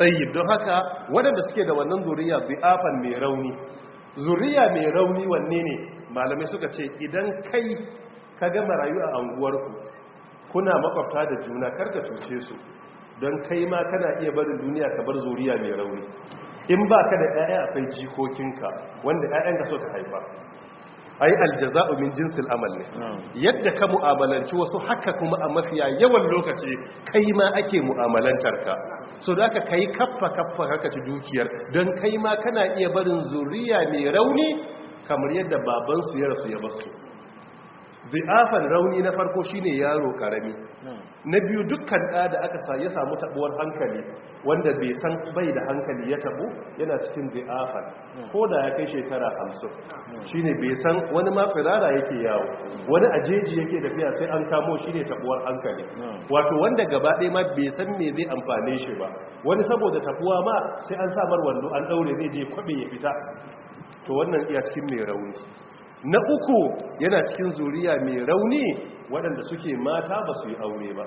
tayyib don haka waɗanda suke da wannan zuriya bi'afan mai rauni zuriya mai rauni wanne ne malamai suka ce idan kai ka ga marayu a anguwarku kuna makwabta da juna karka cuce su don kai ma kana iya barin duniya ka bar zuriya mai rauni in ba ka da 'ya'ya kai jikokinka wanda 'ya'yanka so ka haifa A aljaza'u min jinsil amal ne yadda ka mu'amalanci wasu haka kuma a mafiya yawan lokaci kai ma ake mu'amalantar ka so da ka kai kaffa kaffa haka ci dukiyar don kai ma kana iya barin zuriya mai rauni kamar yadda babansu ya rasu ya basu zi'afan rauni na farko shine yaro karami hmm. na biyu dukkan ɗa da aka sa ya samu tabuwar hankali wanda bai san bai da hankali ya tabu yana cikin zi'afan hmm. ko da ya kai shekara hamsin hmm. shine bai san wani ma yake yawo wani ajeji yake tafiya sai an kamo shi ne tabuwar hankali wato wanda gaba ɗaya ma bai san me zai amfane shi ba wani saboda tabuwa ma sai an samar wando an ɗaure zai je kwabe ya fita to wannan iya cikin mai rauni na uku yana cikin zuriya mai rauni waɗanda suke mata ba su yi aure ba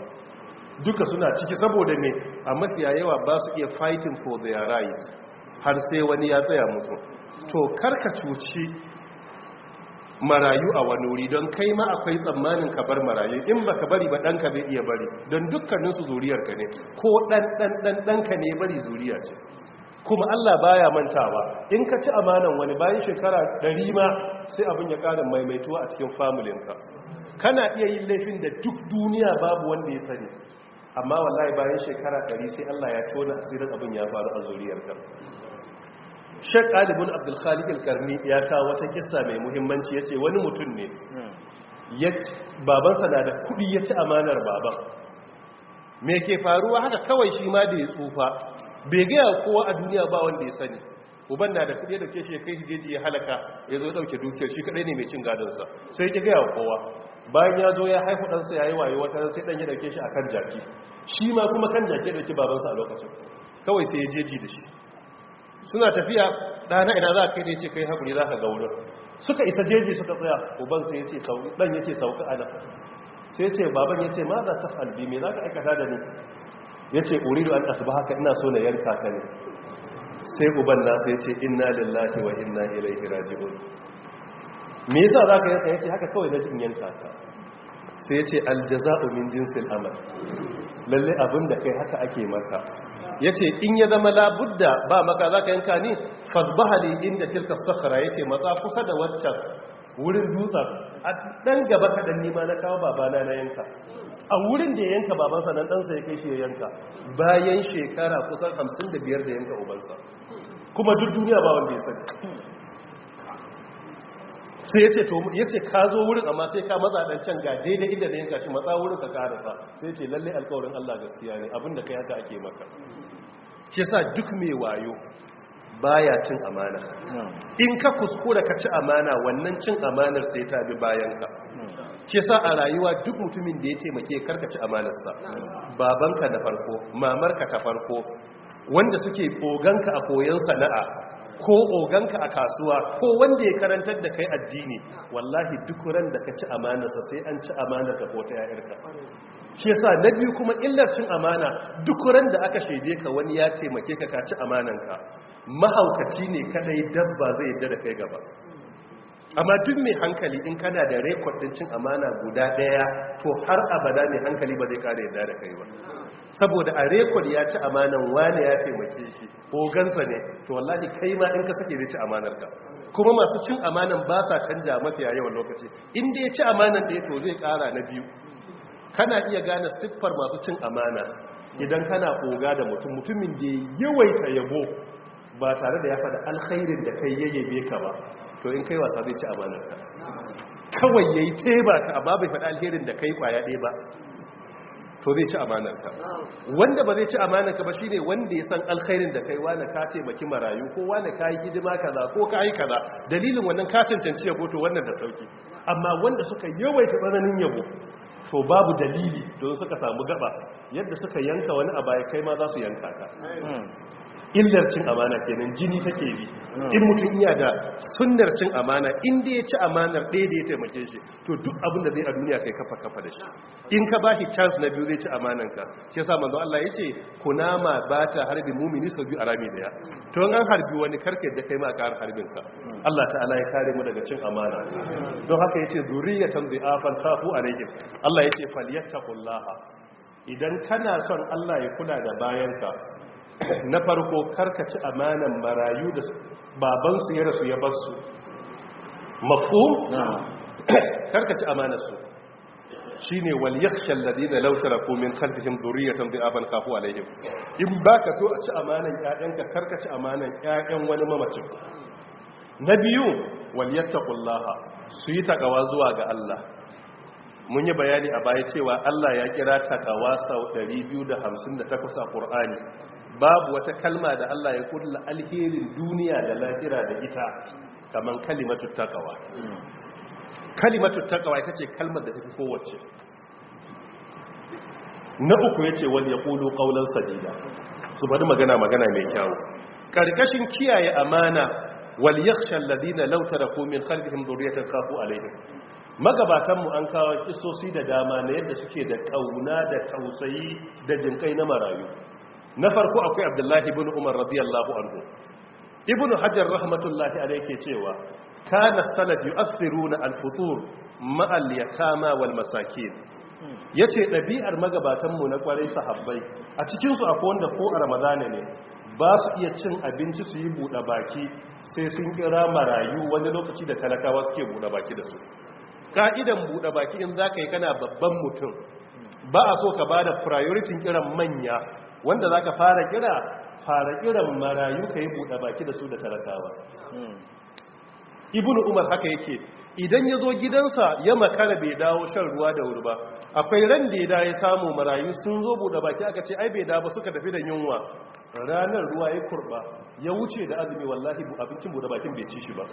duka suna ciki saboda ne a mafiya yawa ba su iya fighting for their rights har sai wani ya tsaya musu to karka cuci marayu a wani wuri don kai ma akwai tsammanin ka bar marayu in ba ka bari ba ɗanka bai iya bari don dukkaninsu zuriyarka ne ko ɗan ɗanka ne bari zuriya ce kuma Allah baya mantawa in ka ci amanan wani bayan shekara ɗari ma sai abin ya ƙara maimaituwa a cikin famulinka kana iya yin laifin da duk duniya babu wanda ya sani amma wallahi bayan shekara ɗari sai Allah ya tona asirin abin ya faru a zuriyarka shek khalid al-karni ya kawo wata kisa mai muhimmanci ya ce wani mutum ne babansa na da kuɗi ya ci amanar baban me ke faruwa haka kawai shi ma da ya tsufa bai gaya kowa a duniya ba wanda ya sani uban na da kudi ya dauke shi ya kai hijeji ya halaka ya zo dauke dukiyar shi kadai ne mai cin gadonsa sai ya gaya kowa bayan ya zo ya haifu ɗansa ya yi wayo wata sai ɗan ya dauke shi a kan jaki shi ma kuma kan jaki ya babansa a lokacin kawai sai ya jeji da shi suna tafiya ɗana ina za kai ne ce kai haƙuri za ka ga wurin suka isa jeji suka tsaya uban sai ya ce ɗan ya ce sauka ana sai ce baban ya ce ma za ta halbi me za ka aikata da ni ya ce uridu an haka ina so na yanka ka ne sai uban nasu ya ce da lillahi wa inna iraji raji'un me yasa ka yanka ya ce haka kawai na jin yanka ka sai ce aljaza'u min jinsin amal lalle abinda kai haka ake maka yace in ya zama labudda ba maka ka yanka ni fadbahali inda tilka ya yace matsa kusa da waccan wurin dutsen a ɗan gaba kaɗan nima na kawo babana na yanka a wurin da ya yanka babansa nan ɗansa ya kai shi ya yanka bayan shekara kusan hamsin da biyar da yanka ubansa kuma duk duniya ba wanda ya sani sai ya ce to ya ce ka zo wurin amma sai ka matsa ɗan can ga daidai inda da yanka shi matsa wurin ka sa sai ce lalle alƙawarin Allah gaskiya ne abinda kai haka ake maka shi yasa duk mai wayo baya cin amana in ka kuskura ka ci amana wannan cin amanar sai ta bi bayan ka ke sa a rayuwa duk mutumin da ya taimake karkaci amanarsa babanka da farko mamarka ta farko wanda suke oganka a koyon sana'a ko oganka a kasuwa ko wanda ya karantar da kai addini wallahi duk ran da ka ci amanarsa sai an ci amanar ko ta yayarka Ke sa na biyu kuma illarcin amana duk ran da aka shaide ka wani ya taimake ka ka ci amanarka, mahaukaci ne kadai dabba zai yarda da kai gaba amma duk mai hankali in kana da rekod din cin amana guda daya to har abada mai hankali ba zai kare yadda da kai ba saboda a rekod ya ci amanan wani ya taimake shi ko gansa ne to wallahi kai ma in ka sake zai ci amanar ka kuma masu cin amanan ba sa canja mafiya yawan lokaci in da ya ci amanan ɗaya to zai kara na biyu kana iya gane siffar masu cin amana idan kana koga da mutum mutumin da ya yawaita yabo ba tare da ya faɗa alkhairin da kai yayyabe ka ba to in kai wasa zai ci amanar ka kawai yayi teba ta amma bai faɗa alherin da kai kwaya ɗaya ba to zai ci amanar ka wanda ba zai ci amanar ka ba shine wanda ya san alherin da kai wani ka ce maki marayu ko wani ka yi hidima kaza ko ka yi kaza dalilin wannan ka cancanci yabo to wannan da sauki amma wanda suka yawaita tsananin yabo to babu dalili don suka samu gaba yadda suka yanka wani a baya kai ma za su yanka ka illar cin amana kenan jini take bi in mutum iya da sunnar cin amana inda ya ci amanar ɗaya da ya taimake shi to duk abin da zai a duniya kai kafa kafa da shi in ka ba shi chance na biyu zai ci amanan ka shi yasa manzo Allah ya ce kunama ba ta harbi mumini sau biyu a rami daya to an harbi wani karkar da kai ma ka harbin ka Allah ta'ala ya kare mu daga cin amana don haka yace zuriyatan dhi'afan a alaihim Allah yace falyattaqullaha idan kana son Allah ya kula da bayanka na farko karkaci amanan marayu da babansu ya rasu ya su mafu karkaci amanarsu shi ne waliyakshal ladina lautara komin kalfihim zuriyatan bi aban kafu alaihim in ba ka so a ci amanan ƴaƴanka karkaci amanan ƴaƴan wani mamacin na biyu yattaqullaha su yi takawa zuwa ga Allah mun yi bayani a baya cewa Allah ya kira takawa sau 258 a Qur'ani babu wata kalma da Allah ya kulla alherin duniya da lahira da ita kamar kalimatu takawa kalimatu takawa ita ce kalmar da take kowace na uku wani ya yaqulu kaunar sadida su bari magana magana mai kyawu Ƙarƙashin kiyaye amana wal yakhsha alladhina law taraku min khalfihim zuriyar kafu a magabatan Magabatanmu an kawo kisosi da dama na yadda suke da kauna da tausayi da jinkai na marayu na farko akwai abdullahi ibn umar radiyallahu anhu ibn hajar rahmatullahi alayhi ke cewa kana salaf yu'athiruna al-futur ma'a al-yatama wal masakin yace dabi'ar magabatan mu na kwarai sahabbai a cikin su akwai wanda ko a ramadana ne ba su iya cin abinci su yi buɗe baki sai sun kira marayu wani lokaci da talakawa suke buɗe baki da su ka'idan buɗe baki in za ka yi kana babban mutum ba a so ka ba da priority kiran manya wanda za ka fara gira fara kiran marayu ka yi buɗe baki da su da talakawa hmm. ibn umar haka yake idan ya zo gidansa ya makara bai dawo shan ruwa da wuri ba akwai ran da ya ya samu marayu sun zo buɗe baki aka ce ai bai da ba suka tafi da yunwa ranar ruwa ya kurba ya wuce da azumi wallahi abincin buɗe bakin bai ci shi ba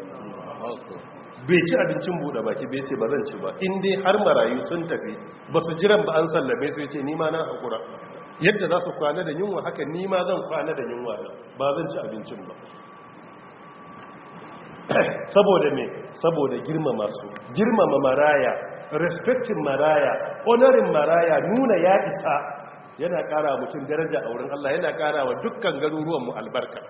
bai ci abincin buɗe baki bai ce ba zan ci ba in har marayu sun tafi ba su jiran ba an sallame su ya ce ni ma na haƙura yadda za su kwana da yunwa haka ni ma zan kwana da yunwa ba zan ci abincin ba saboda me saboda girmama su girmama maraya respectin maraya honorin maraya nuna ya isa yana kara mutum daraja a wurin Allah yana kara wa dukkan garuruwan mu albarka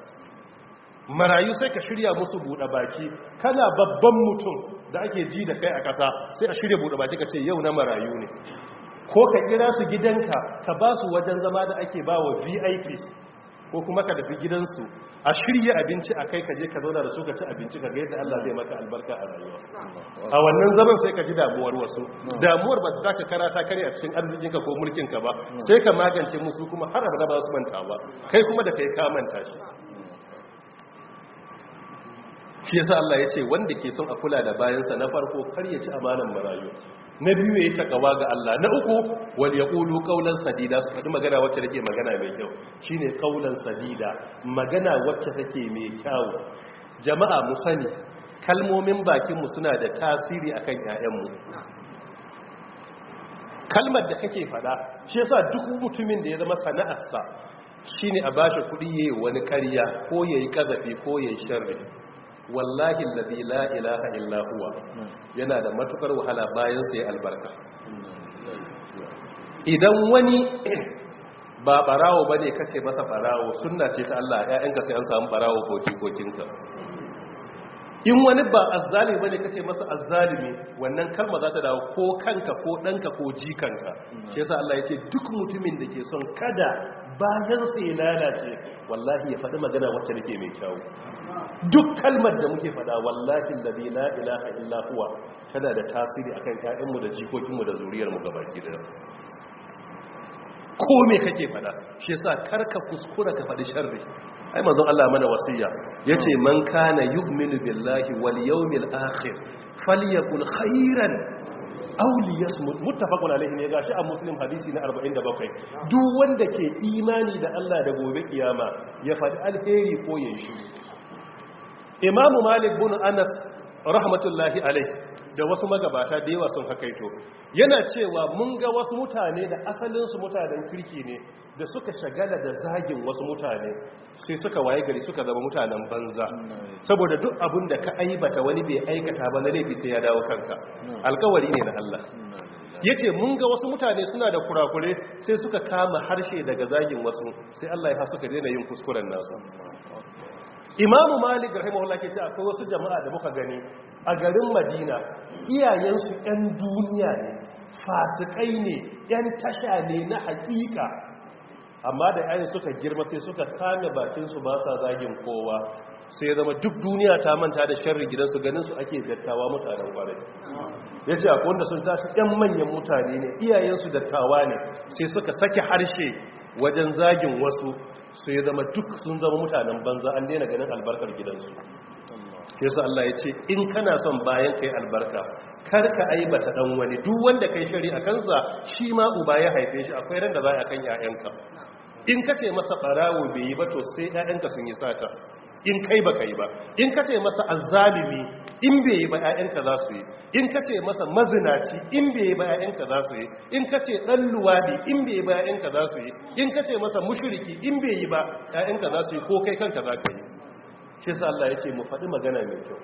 marayu sai ka shirya musu buɗe baki kana babban mutum da ake ji da kai a ƙasa sai a shirya buɗe baki ka ce yau na marayu ne ko ka kira su gidanka ka ba su wajen zama da ake ba wa vips ko kuma ka dafi gidansu a shirya abinci a kai ka je ka zauna da su ka ci abinci ka gai da Allah zai maka albarka a rayuwa a wannan zaman sai ka ji damuwar wasu damuwar ba za ka karata kare a cikin arzikinka ko mulkin ka ba sai ka magance musu kuma har abada ba su manta ba kai kuma da kai ka manta shi shi yasa Allah ya ce wanda ke son a kula da bayansa na farko kar ya ci amanan marayu na biyu ya yi kawa ga Allah na uku wal yaqulu qawlan sadida su faɗi magana wacce take magana mai kyau shine qawlan sadida magana wacce take mai kyau jama'a mu sani kalmomin bakin mu suna da tasiri akan ƴaƴan mu kalmar da kake faɗa shi yasa duk mutumin da ya zama sana'arsa shine a bashi kuɗi yayi wani karya ko yayi kazafi ko yayi sharri wallahi alladhi la ilaha illa huwa yana da matukar wahala bayan sai albarka idan wani ba barawo bane kace masa barawo sunna ce ta Allah ƴaƴanka sai an samu barawo kokinka in wani ba azzalimi bane kace masa azzalimi wannan kalma za ta dawo ko kanka ko danka ko jikanka shi yasa Allah ya ce duk mutumin da ke son kada bayan sai ya lalace wallahi ya faɗi magana wacce nake mai kyawu duk kalmar da muke faɗa wallahi da bi la ilaha illa huwa tana da tasiri akan mu da jikokinmu da zuriyarmu gabaki da ko me kake faɗa shi yasa karka kuskura ka faɗi sharri ai manzon Allah mana wasiya yace man kana yu'minu billahi wal yawmil akhir falyakul khairan auliyas muttafaqun alaihi ne gashi a muslim hadisi na 47 duk wanda ke imani da Allah da gobe kiyama ya faɗi alheri ko ya shi imamu malik bin anas rahmatullahi alaihi da wasu magabata da yawa sun hakaito yana cewa mun ga wasu mutane da asalinsu mutanen kirki ne da suka shagala da zagin wasu mutane sai suka waye gari suka zama mutanen banza saboda duk abin da ka aibata wani bai aikata ba na laifi sai ya dawo kanka alkawari ne na Allah ya ce mun ga wasu mutane suna da kurakure sai suka kama harshe daga zagin wasu sai Allah ya suka daina yin kuskuren nasu imamu malik rahimahullah ke ce akwai wasu jama'a da muka gani a garin madina iyayensu 'yan duniya ne fasikai ne 'yan tasha ne na hakika amma da 'yan suka girma sai suka kame bakinsu ba sa zagin kowa sai zama duk duniya ta manta da sharri gidansu ganin su ake dattawa mutanen kwarai ya ce akwai wanda sun tashi 'yan manyan mutane ne iyayensu dattawa ne sai suka sake harshe wajen zagin wasu sai zama duk sun zama mutanen banza an daina ganin albarkar gidansu shi yasa Allah ya ce in kana son bayan kai albarka kar ka aibata dan wani duk wanda kai shari'a kansa shi ma uba ya haife shi akwai ran da za a kan yayanka in ka ce masa barawo bai yi ba to sai yayanka sun yi sata in kai ba kai ba in ka ce masa azzalimi in bai yi ba 'ya'yanka za su yi in ka ce masa mazinaci in bai yi ba 'ya'yanka za su yi in ka ce dan luwadi in bai yi ba 'ya'yanka za su yi in ka ce masa mushriki in bai yi ba 'ya'yanka za su yi ko kai kanka za ka yi shi Allah ya ce mu faɗi magana mai kyau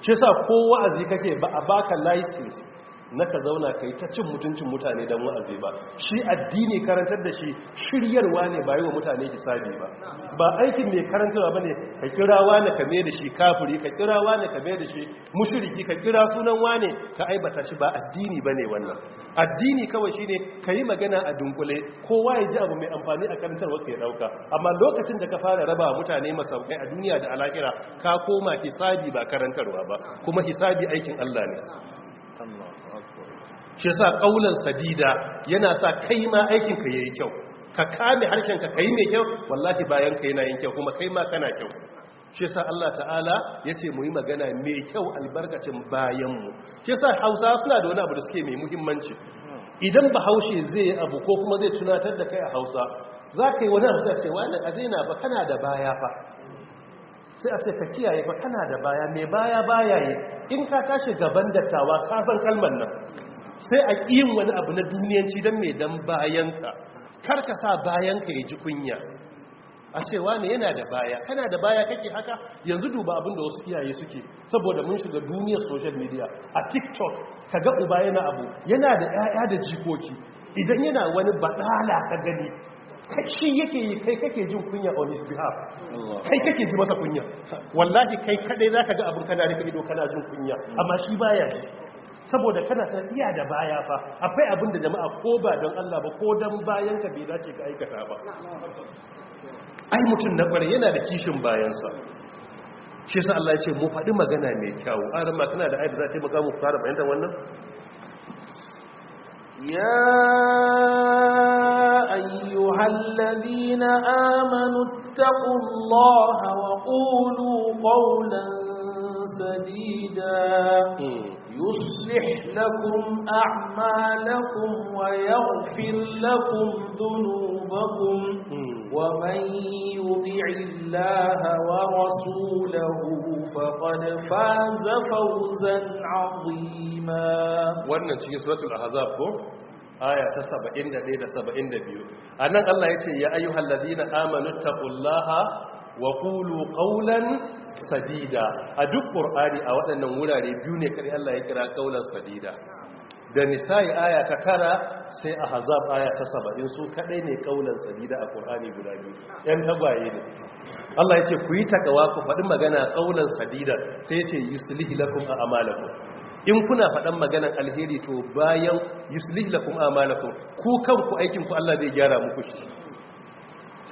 shi kowa ko wa'azi kake ba a baka license na ka zauna ka yi ta cin mutuncin mutane don wa'azi ba shi addini karantar da shi shiryarwa ne ba yi wa mutane hisabi ba ba aikin mai karantarwa ba ne ka kira wane ka mai da shi kafuri, ka kira wane ka mai da shi mushiriki ka kira sunan wane ka aibata shi ba addini ba ne wannan addini kawai shi ne ka yi magana a dunkule kowa ya ji abu mai amfani a karantarwa ka ya ɗauka amma lokacin da ka fara raba mutane masaukai a duniya da alakira ka koma hisabi ba karantarwa ba kuma hisabi aikin Allah ne shi sa ƙaunar sadida yana sa kai ma aikin ka yi kyau ka kame harshen ka kai mai kyau wallahi bayan kai na yin kyau kuma kai ma kana kyau shi sa Allah ta'ala ya ce mu yi magana mai kyau albarkacin bayanmu. mu shi yasa Hausa suna da wani abu da suke mai muhimmanci idan bahaushe zai abu ko kuma zai tunatar da kai a Hausa za ka yi wani abu sai ce wani ba kana da baya fa sai a ce ka kiyaye ba kana da baya mai baya baya yi in ka tashi gaban dattawa ka san kalmar nan sai a ƙiyin wani abu na duniyanci don mai don bayanka karka sa bayanka ya ji kunya a cewa ne yana da baya kana da baya kake haka yanzu duba abinda wasu kiyaye suke saboda mun shiga duniyar social media a tiktok ka ga uba yana abu yana da 'ya'ya da jikoki idan yana wani baɗala ka gani shi yake yi kai kake jin kunya on his behalf kai kake ji masa kunya wallahi kai kadai zaka ga abin kana rike ido kana jin kunya amma shi baya ji saboda kana ta iya da baya fa akwai abin da jama'a ko ba don Allah ba ko don bayan ka bai dace ka aikata ba ai mutum na kware yana da kishin bayansa shi yasa Allah ya ce mu faɗi magana mai kyau aran ma kana da ayyuka za ta maka mu fara fahimtar wannan ya ayyuhal ladina amanu taqullaha wa qulu qawlan sadida hmm. يصلح لكم أعمالكم ويغفر لكم ذنوبكم ومن يطع الله ورسوله فقد فاز فوزا عظيما wannan cikin suratul ahzab ko aya ta 71 da 72 annan Allah yace ya ayyuhallazina amanu taqullaha wa qulu qawlan sadida a duk ƙur'ani a waɗannan wurare biyu ne kare Allah ya kira ƙaunar sadida da nisa'i aya ta tara sai a hazab aya ta saba'in su kaɗai ne ƙaunar sadida a ƙur'ani guda biyu ‘yan tagwaye ne Allah ya ce ku yi takawa ku faɗi magana kaulan sadida sai ya ce yusulihi lakum a amalakum in kuna faɗan maganan alheri to bayan yusulihi lakum a amalakum ku kanku aikinku Allah zai gyara muku shi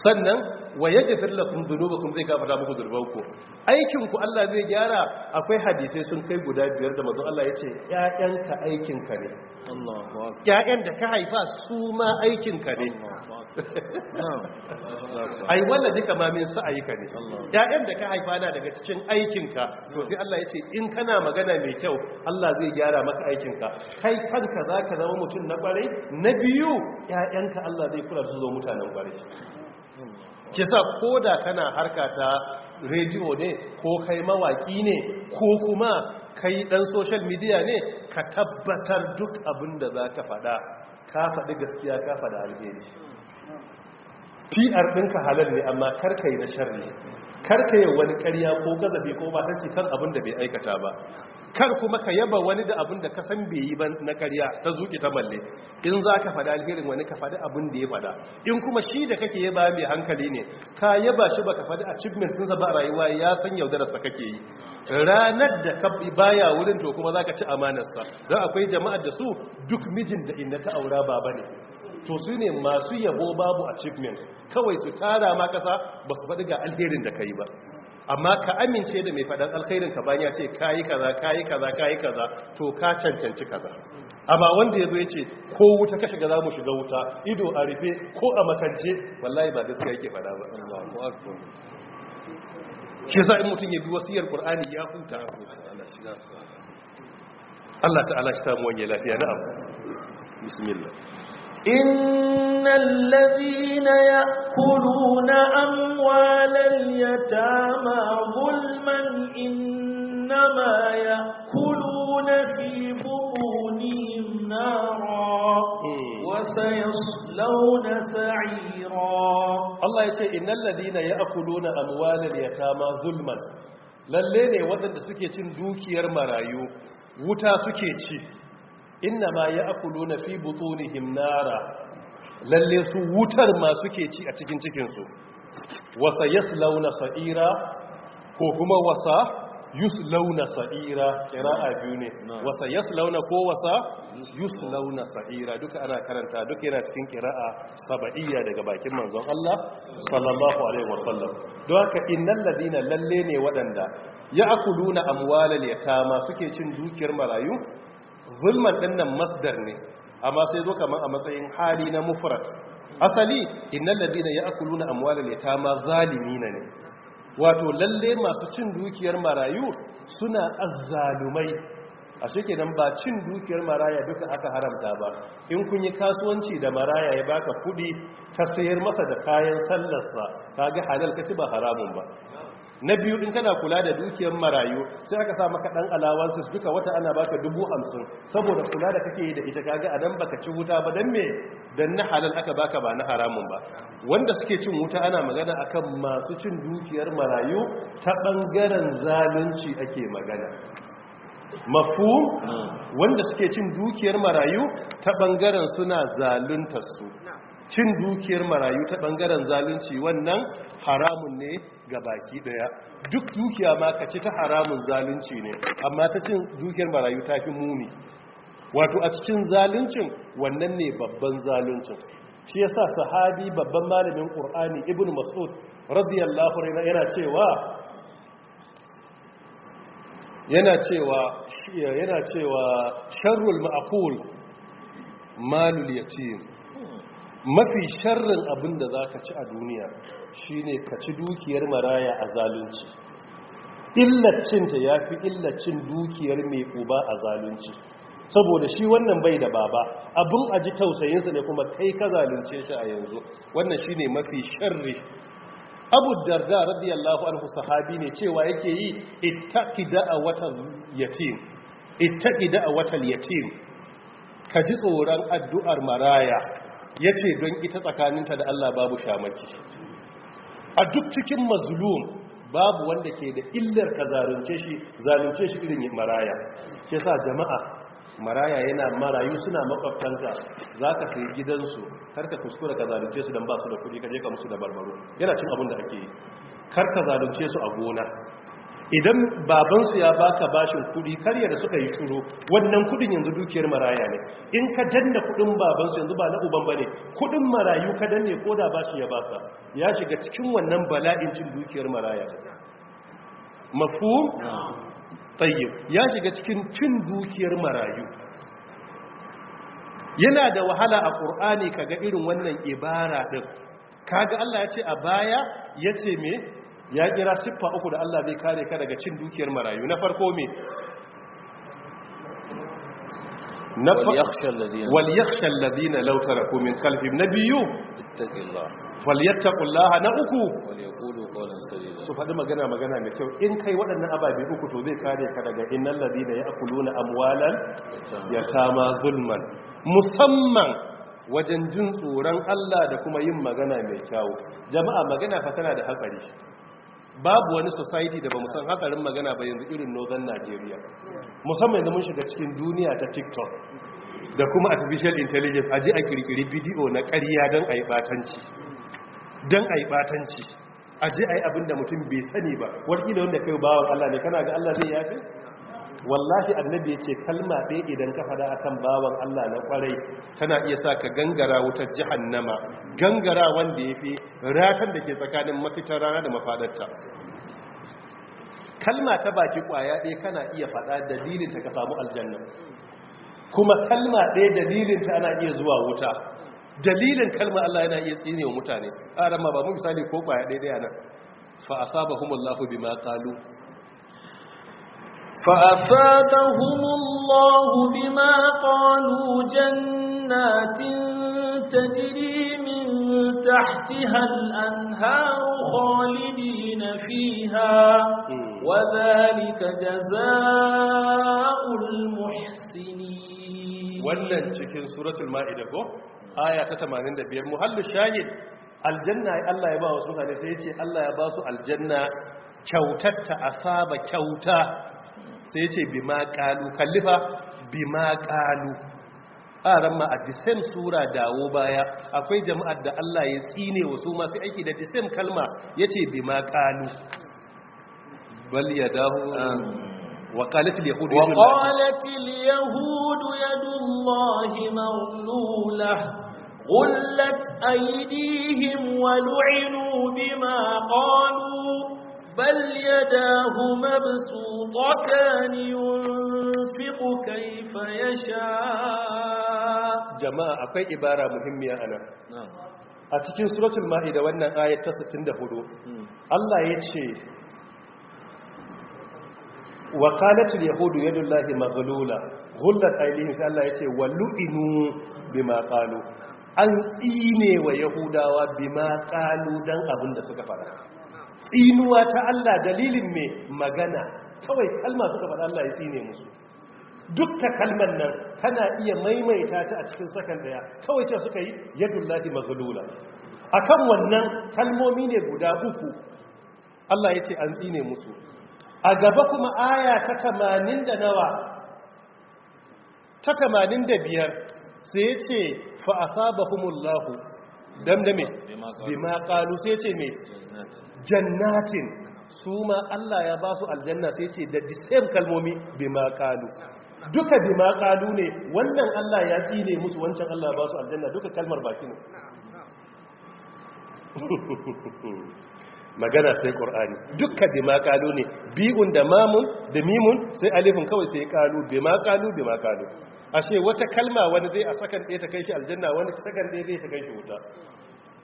sannan wa yaghfir lakum kun zai gafarta muku dhunubanku Aikinku Allah zai gyara akwai hadisai sun kai guda biyar da manzon Allah yace ce aikin ka ne Allahu da ka haifa su ma aikin ka ne ai wallahi ma min ne ƴaƴan da ka haifa na daga cikin aikin ka to sai Allah yace in kana magana mai kyau Allah zai gyara maka aikin ka kai kanka zaka zama mutum na kwarai na biyu Ya'yanka Allah zai kula su zo mutanen kwarai ke ko da kana harka ta rediyo ne ko kai mawaki ne ko kuma kai dan social media ne ka tabbatar duk abin da za ka faɗa ka faɗi gaskiya ka faɗi alheri pr ɗinka halal ne amma karkai na sharri karka yi wani karya ko gazabi ko ba ta kan abin da bai aikata ba kar kuma ka yaba wani da abin da ka san bai yi ba na karya ta zuki ta malle. in za ka fada alherin wani ka fada abin da ya fada in kuma shi da kake yaba mai hankali ne ka yaba shi ba ka fada cikin sun ba rayuwa ya san yaudararsa kake yi ranar da ka baya wurin to kuma za ka ci amanarsa don akwai jama'ar da su duk mijin da inda ta aura baba ne to su ne masu yabo babu achievement kawai su tara ma kasa ba su faɗi ga alherin da ka yi ba amma ka amince da mai faɗan alherin ka bayan ya ce ka yi kaza ka yi kaza ka yi kaza to ka cancanci kaza amma wanda ya zo ya ce ko wuta ka shiga zamu shiga wuta ido a rufe ko a makance wallahi ba gaskiya yake faɗa ba shi sa in mutum ya bi wasiyar qur'ani ya huta Allah ta'ala shi samu wani lafiya na'am bismillah إن الذين يأكلون أموال اليتامى ظلما إنما يأكلون في بطونهم نارا وسيصلون سعيرا الله يقول إن الذين يأكلون أموال اليتامى ظلما lalle ne waɗanda suke cin dukiyar marayu wuta suke ci inna ma ya akulu na fi butunihim nara lalle su wutar ma suke ci a cikin cikinsu wasa launa sa'ira ko kuma wasa launa sa'ira kira'a biyu ne wasa launa ko wasa launa sa'ira duka ana karanta duka yana cikin kira'a saba'iyya daga bakin manzon Allah sallallahu alaihi wasallam don haka innal ladina lalle ne waɗanda ya akuluna amwalal yatama suke cin dukiyar marayu zulman din masdar ne amma sai zo kaman a matsayin hali na mufrad asali innal ladina ya'kuluna amwalal yatama zalimin ne wato lalle masu cin dukiyar marayu suna azzalumai a shike nan ba cin dukiyar maraya duka aka haramta ba in kun yi kasuwanci da maraya ya baka kudi ka sayar masa da kayan sallarsa kaga halal kace ba haramun ba na biyu din kana kula da dukiyar marayu sai aka sa maka dan alawansu duka wata ana baka dubu hamsin saboda kula da kake yi da ita kaga a dan baka ci wuta ba dan me dan na halal aka baka ba na haramun ba wanda suke cin wuta ana magana akan masu cin dukiyar marayu ta bangaren zalunci ake magana mafu hmm. wanda suke cin dukiyar marayu ta bangaren suna zaluntar su cin dukiyar marayu ta bangaren zalunci wannan haramun ne ga baki daya duk dukiya ma kace ta haramun zalunci ne amma ta cin dukiyar marayu ta fi muni wato a cikin zaluncin wannan ne babban zaluncin shi yasa sahabi babban malamin qur'ani ibn mas'ud radiyallahu anhu yana cewa yana cewa yana cewa sharrul ma'qul malul yatim mafi sharrin abin da za ka ci a duniya shine ka ci dukiyar maraya a zalunci illacinta ya fi illacin dukiyar mai kuba a zalunci saboda shi wannan bai da baba abin aji tausayinsa ne kuma kai ka zalunce shi a yanzu wannan shine mafi sharri abu darda radiyallahu anhu sahabi ne cewa yake yi ittaqi da'awatal yatim ittaqi yatim ka ji tsoron addu'ar maraya ya ce don ita tsakaninta da Allah babu shamaki a duk cikin mazlum babu wanda ke da illar ka zalunce shi zalunce shi irin maraya ke sa jama'a maraya yana marayu suna makwabtanka za ka sai gidansu kar ka kuskura ka zalunce su don ba su da kuɗi ka je ka musu da barbaro yana cin abin da ake yi kar ka zalunce su a gona idan babansu ya baka bashin kudi karya da suka yi turo, wannan kudin yanzu dukiyar maraya ne in ka danna kudin babansu yanzu ba na uban bane kudin marayu ka danne ko da bashi ya baka ya shiga cikin wannan bala'in cin dukiyar maraya mafhum tayyib ya shiga cikin cin dukiyar marayu yana da wahala a qur'ani kaga irin wannan ibara din kaga Allah ya ce a baya yace me ya kira siffa uku da Allah zai kare ka daga cin dukiyar marayu na farko me وليخشى الذين لو تركوا من خلفهم na biyu. الله kullaha na uku su faɗi magana magana mai kyau in kai waɗannan ababe uku to zai kare ka daga ya ladina na amwalan ma zulman musamman wajen jin tsoron Allah da kuma yin magana mai kyau jama'a magana fa tana da hatsari babu wani society da ba musan hatsarin magana ba yanzu irin northern nigeria musamman yanzu mun shiga cikin duniya ta tiktok da kuma artificial intelligence aji a kirkiri bidiyo na ƙarya don a yi batanci don a yi batanci aji a yi abinda mutum bai sani ba wakilin wanda kai bawan allah ne kana ga allah zai yafi wallahi annabi ya ce kalma ɗaya idan ka faɗa kan bawan Allah na ƙwarai tana iya sa ka gangara wutar nama gangara wanda ya fi ratar da ke tsakanin mafitar rana da mafadarta. kalma ta baki ƙwaya ɗaya kana iya faɗa dalilin ta ka samu aljanna kuma kalma ɗaya dalilin ta ana iya zuwa wuta dalilin kalma Allah yana iya tsine wa mutane a ba misali ko ƙwaya ɗaya ɗaya nan fa asabahumullahu bima qalu فأفادهم الله بما قالوا جنات تجري من تحتها الأنهار خالدين فيها وذلك جزاء المحسنين wannan cikin suratul ma'ida ko aya ta 85 muhallin shahid aljanna Allah ya ba wasu mutane sai ya ce Allah ya ba su aljanna kyautatta asaba kyauta sai ce bi ma kalu kallifa bi ma kalu a ramma a disem sura dawo baya akwai jama'ar da Allah ya tsine wasu masu aiki da disem kalma ya ce bi ma kalu bal ya dahu وقالت اليهود يد الله وقالت اليهود يد الله مغلولة غلت أيديهم ولعنوا بما قالوا بل يداه مبسوطتان ينفق كيف يشاء جماعة أقوي إبارة مهمة أنا a cikin suratul ma'ida wannan ayat ta 64 hmm. Allah ya ce wa qalatul yahudu yadullahi maghlula ghullat aydihim sai Allah ya ce walu'inu bima an tsine wa yahudawa bima don abin da suka fara tsinuwa ta Allah dalilin mai magana kawai kalma suka faɗa Allah ya tsine musu duk ta kalmar nan tana iya maimaita ta a cikin sakan daya kawai ce suka yi yadullahi A kan wannan kalmomi ne guda uku Allah ya ce an tsine musu a gaba kuma aya ta tamanin da nawa ta tamanin da biyar sai ya ce fa'asa bahumullahu bi bima qalu sai ce me jannatin su ma Allah ya ba su aljanna sai ce da the same kalmomi bima qalu duka bima qalu ne wannan Allah ya tsine musu wancan Allah ya ba su aljanna duka kalmar baki ne magana sai duka bi bima kalu ne bi'un da mamun da mimun sai alifin kawai sai kalu bima kalu bima kalu ashe wata kalma wani zai a sakan ɗaya ta kai shi aljanna wani sakan ɗaya zai ta kai shi wuta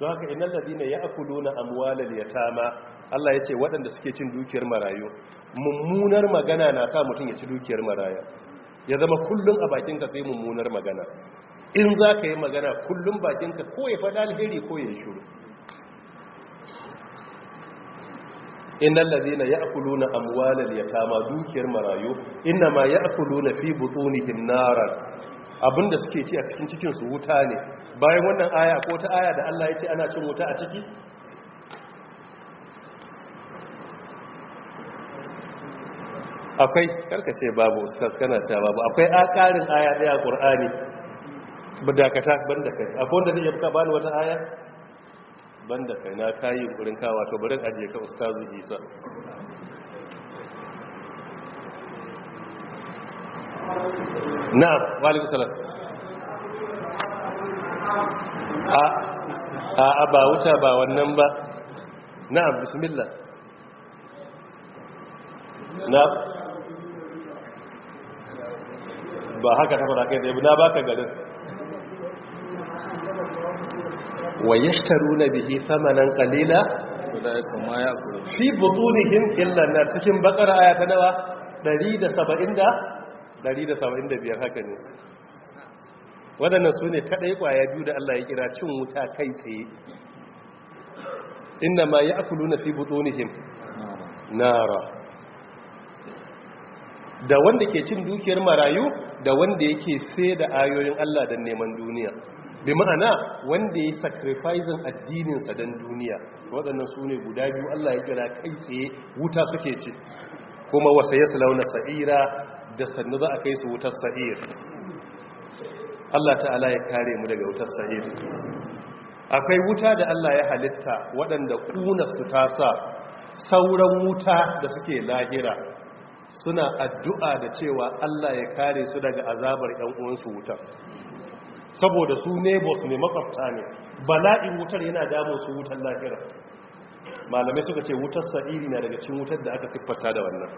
don haka inal ladina ya'kuluna amwalal yatama Allah yace waɗanda suke cin dukiyar marayu mummunar magana na sa mutum ya ci dukiyar maraya ya zama kullum a bakinka sai mummunar magana in za ka yi magana kullum bakinka ko ya faɗa alheri ko ya yi shiru innal ladhina ya'kuluna amwalal yatama dukiyar marayu innama ya'kuluna fi butunihim naran abinda suke ci a cikin cikin su wuta ne bayan wannan aya ko ta aya da Allah ya ce ana cin wuta a ciki akwai karkace babu ustaz kana cewa babu akwai akarin aya daya qur'ani budakata banda kai akwai wanda zai buka bani wata aya banda kai na kayi gurin kawa to bari aje ka ustazu Isa na'am wa alaikum salam a a ba wuta ba wannan ba na'am bismillah na'am ba haka ta fara kai da na ka garin wa na bihi samanan qalila fi butunihim illa na. cikin bakara aya ta nawa 170 da 175 haka ne waɗannan su ne kaɗai kwaya biyu da Allah ya kira cin wuta kai tsaye inna ma ya fi butunihim nara da wanda ke cin dukiyar marayu da wanda yake sai da ayoyin Allah don neman duniya bi ma'ana wanda ya sacrificing addininsa don duniya waɗannan su ne guda biyu Allah ya kira kai tsaye wuta suke ce kuma wasa ya sa'ira da sannu za a kai su wutar sa'ir Allah ta'ala ya kare mu daga wutar sa'ir akwai wuta da Allah ya halitta waɗanda kuna su ta sa sauran wuta da suke lahira suna addu'a da cewa Allah ya kare su daga azabar ‘yan uwansu wutar saboda su neighbors ne makwabta ne bala'in wutar yana damu su wutar lahira malamai suka ce wutar sa'iri na daga cikin wutar da aka siffata da wannan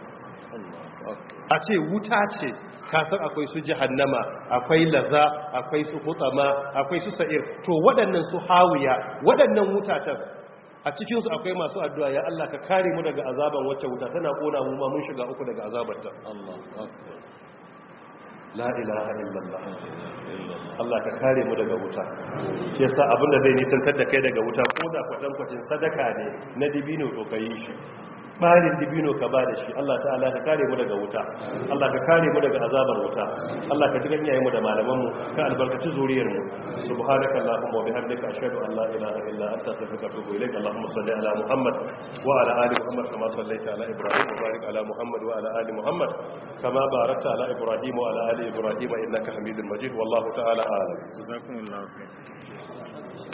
a ce wuta ce kasar akwai su jihannama akwai laza akwai su hutsama akwai su sa'ir to waɗannan su hawiya waɗannan wutatar, a cikinsu akwai masu addu'a ya Allah ka kare mu daga azaban wacce wuta tana kona mu ma mun shiga uku daga azabarta la ilaha illallah Allah ka kare mu daga wuta ke sa abinda zai nisantar da kai daga wuta ko da kwatankwacin sadaka ne na dibino to kai shi ɓarin dibino ka ba da shi Allah ta'ala ka kare mu daga wuta Allah ka kare mu daga azabar wuta Allah ka cikin yayin mu da malaman mu ka albarkaci zuriyar mu subhanaka allahumma wa bihamdika ashhadu an la ilaha illa anta astaghfiruka wa atubu ilaik allahumma salli ala muhammad wa ala ali muhammad kama sallaita ala ibrahim wa barik ala muhammad wa ala ali muhammad kama barakta ala ibrahim wa ala ali ibrahim innaka hamidul majid wallahu ta'ala a'lam jazakumullahu khairan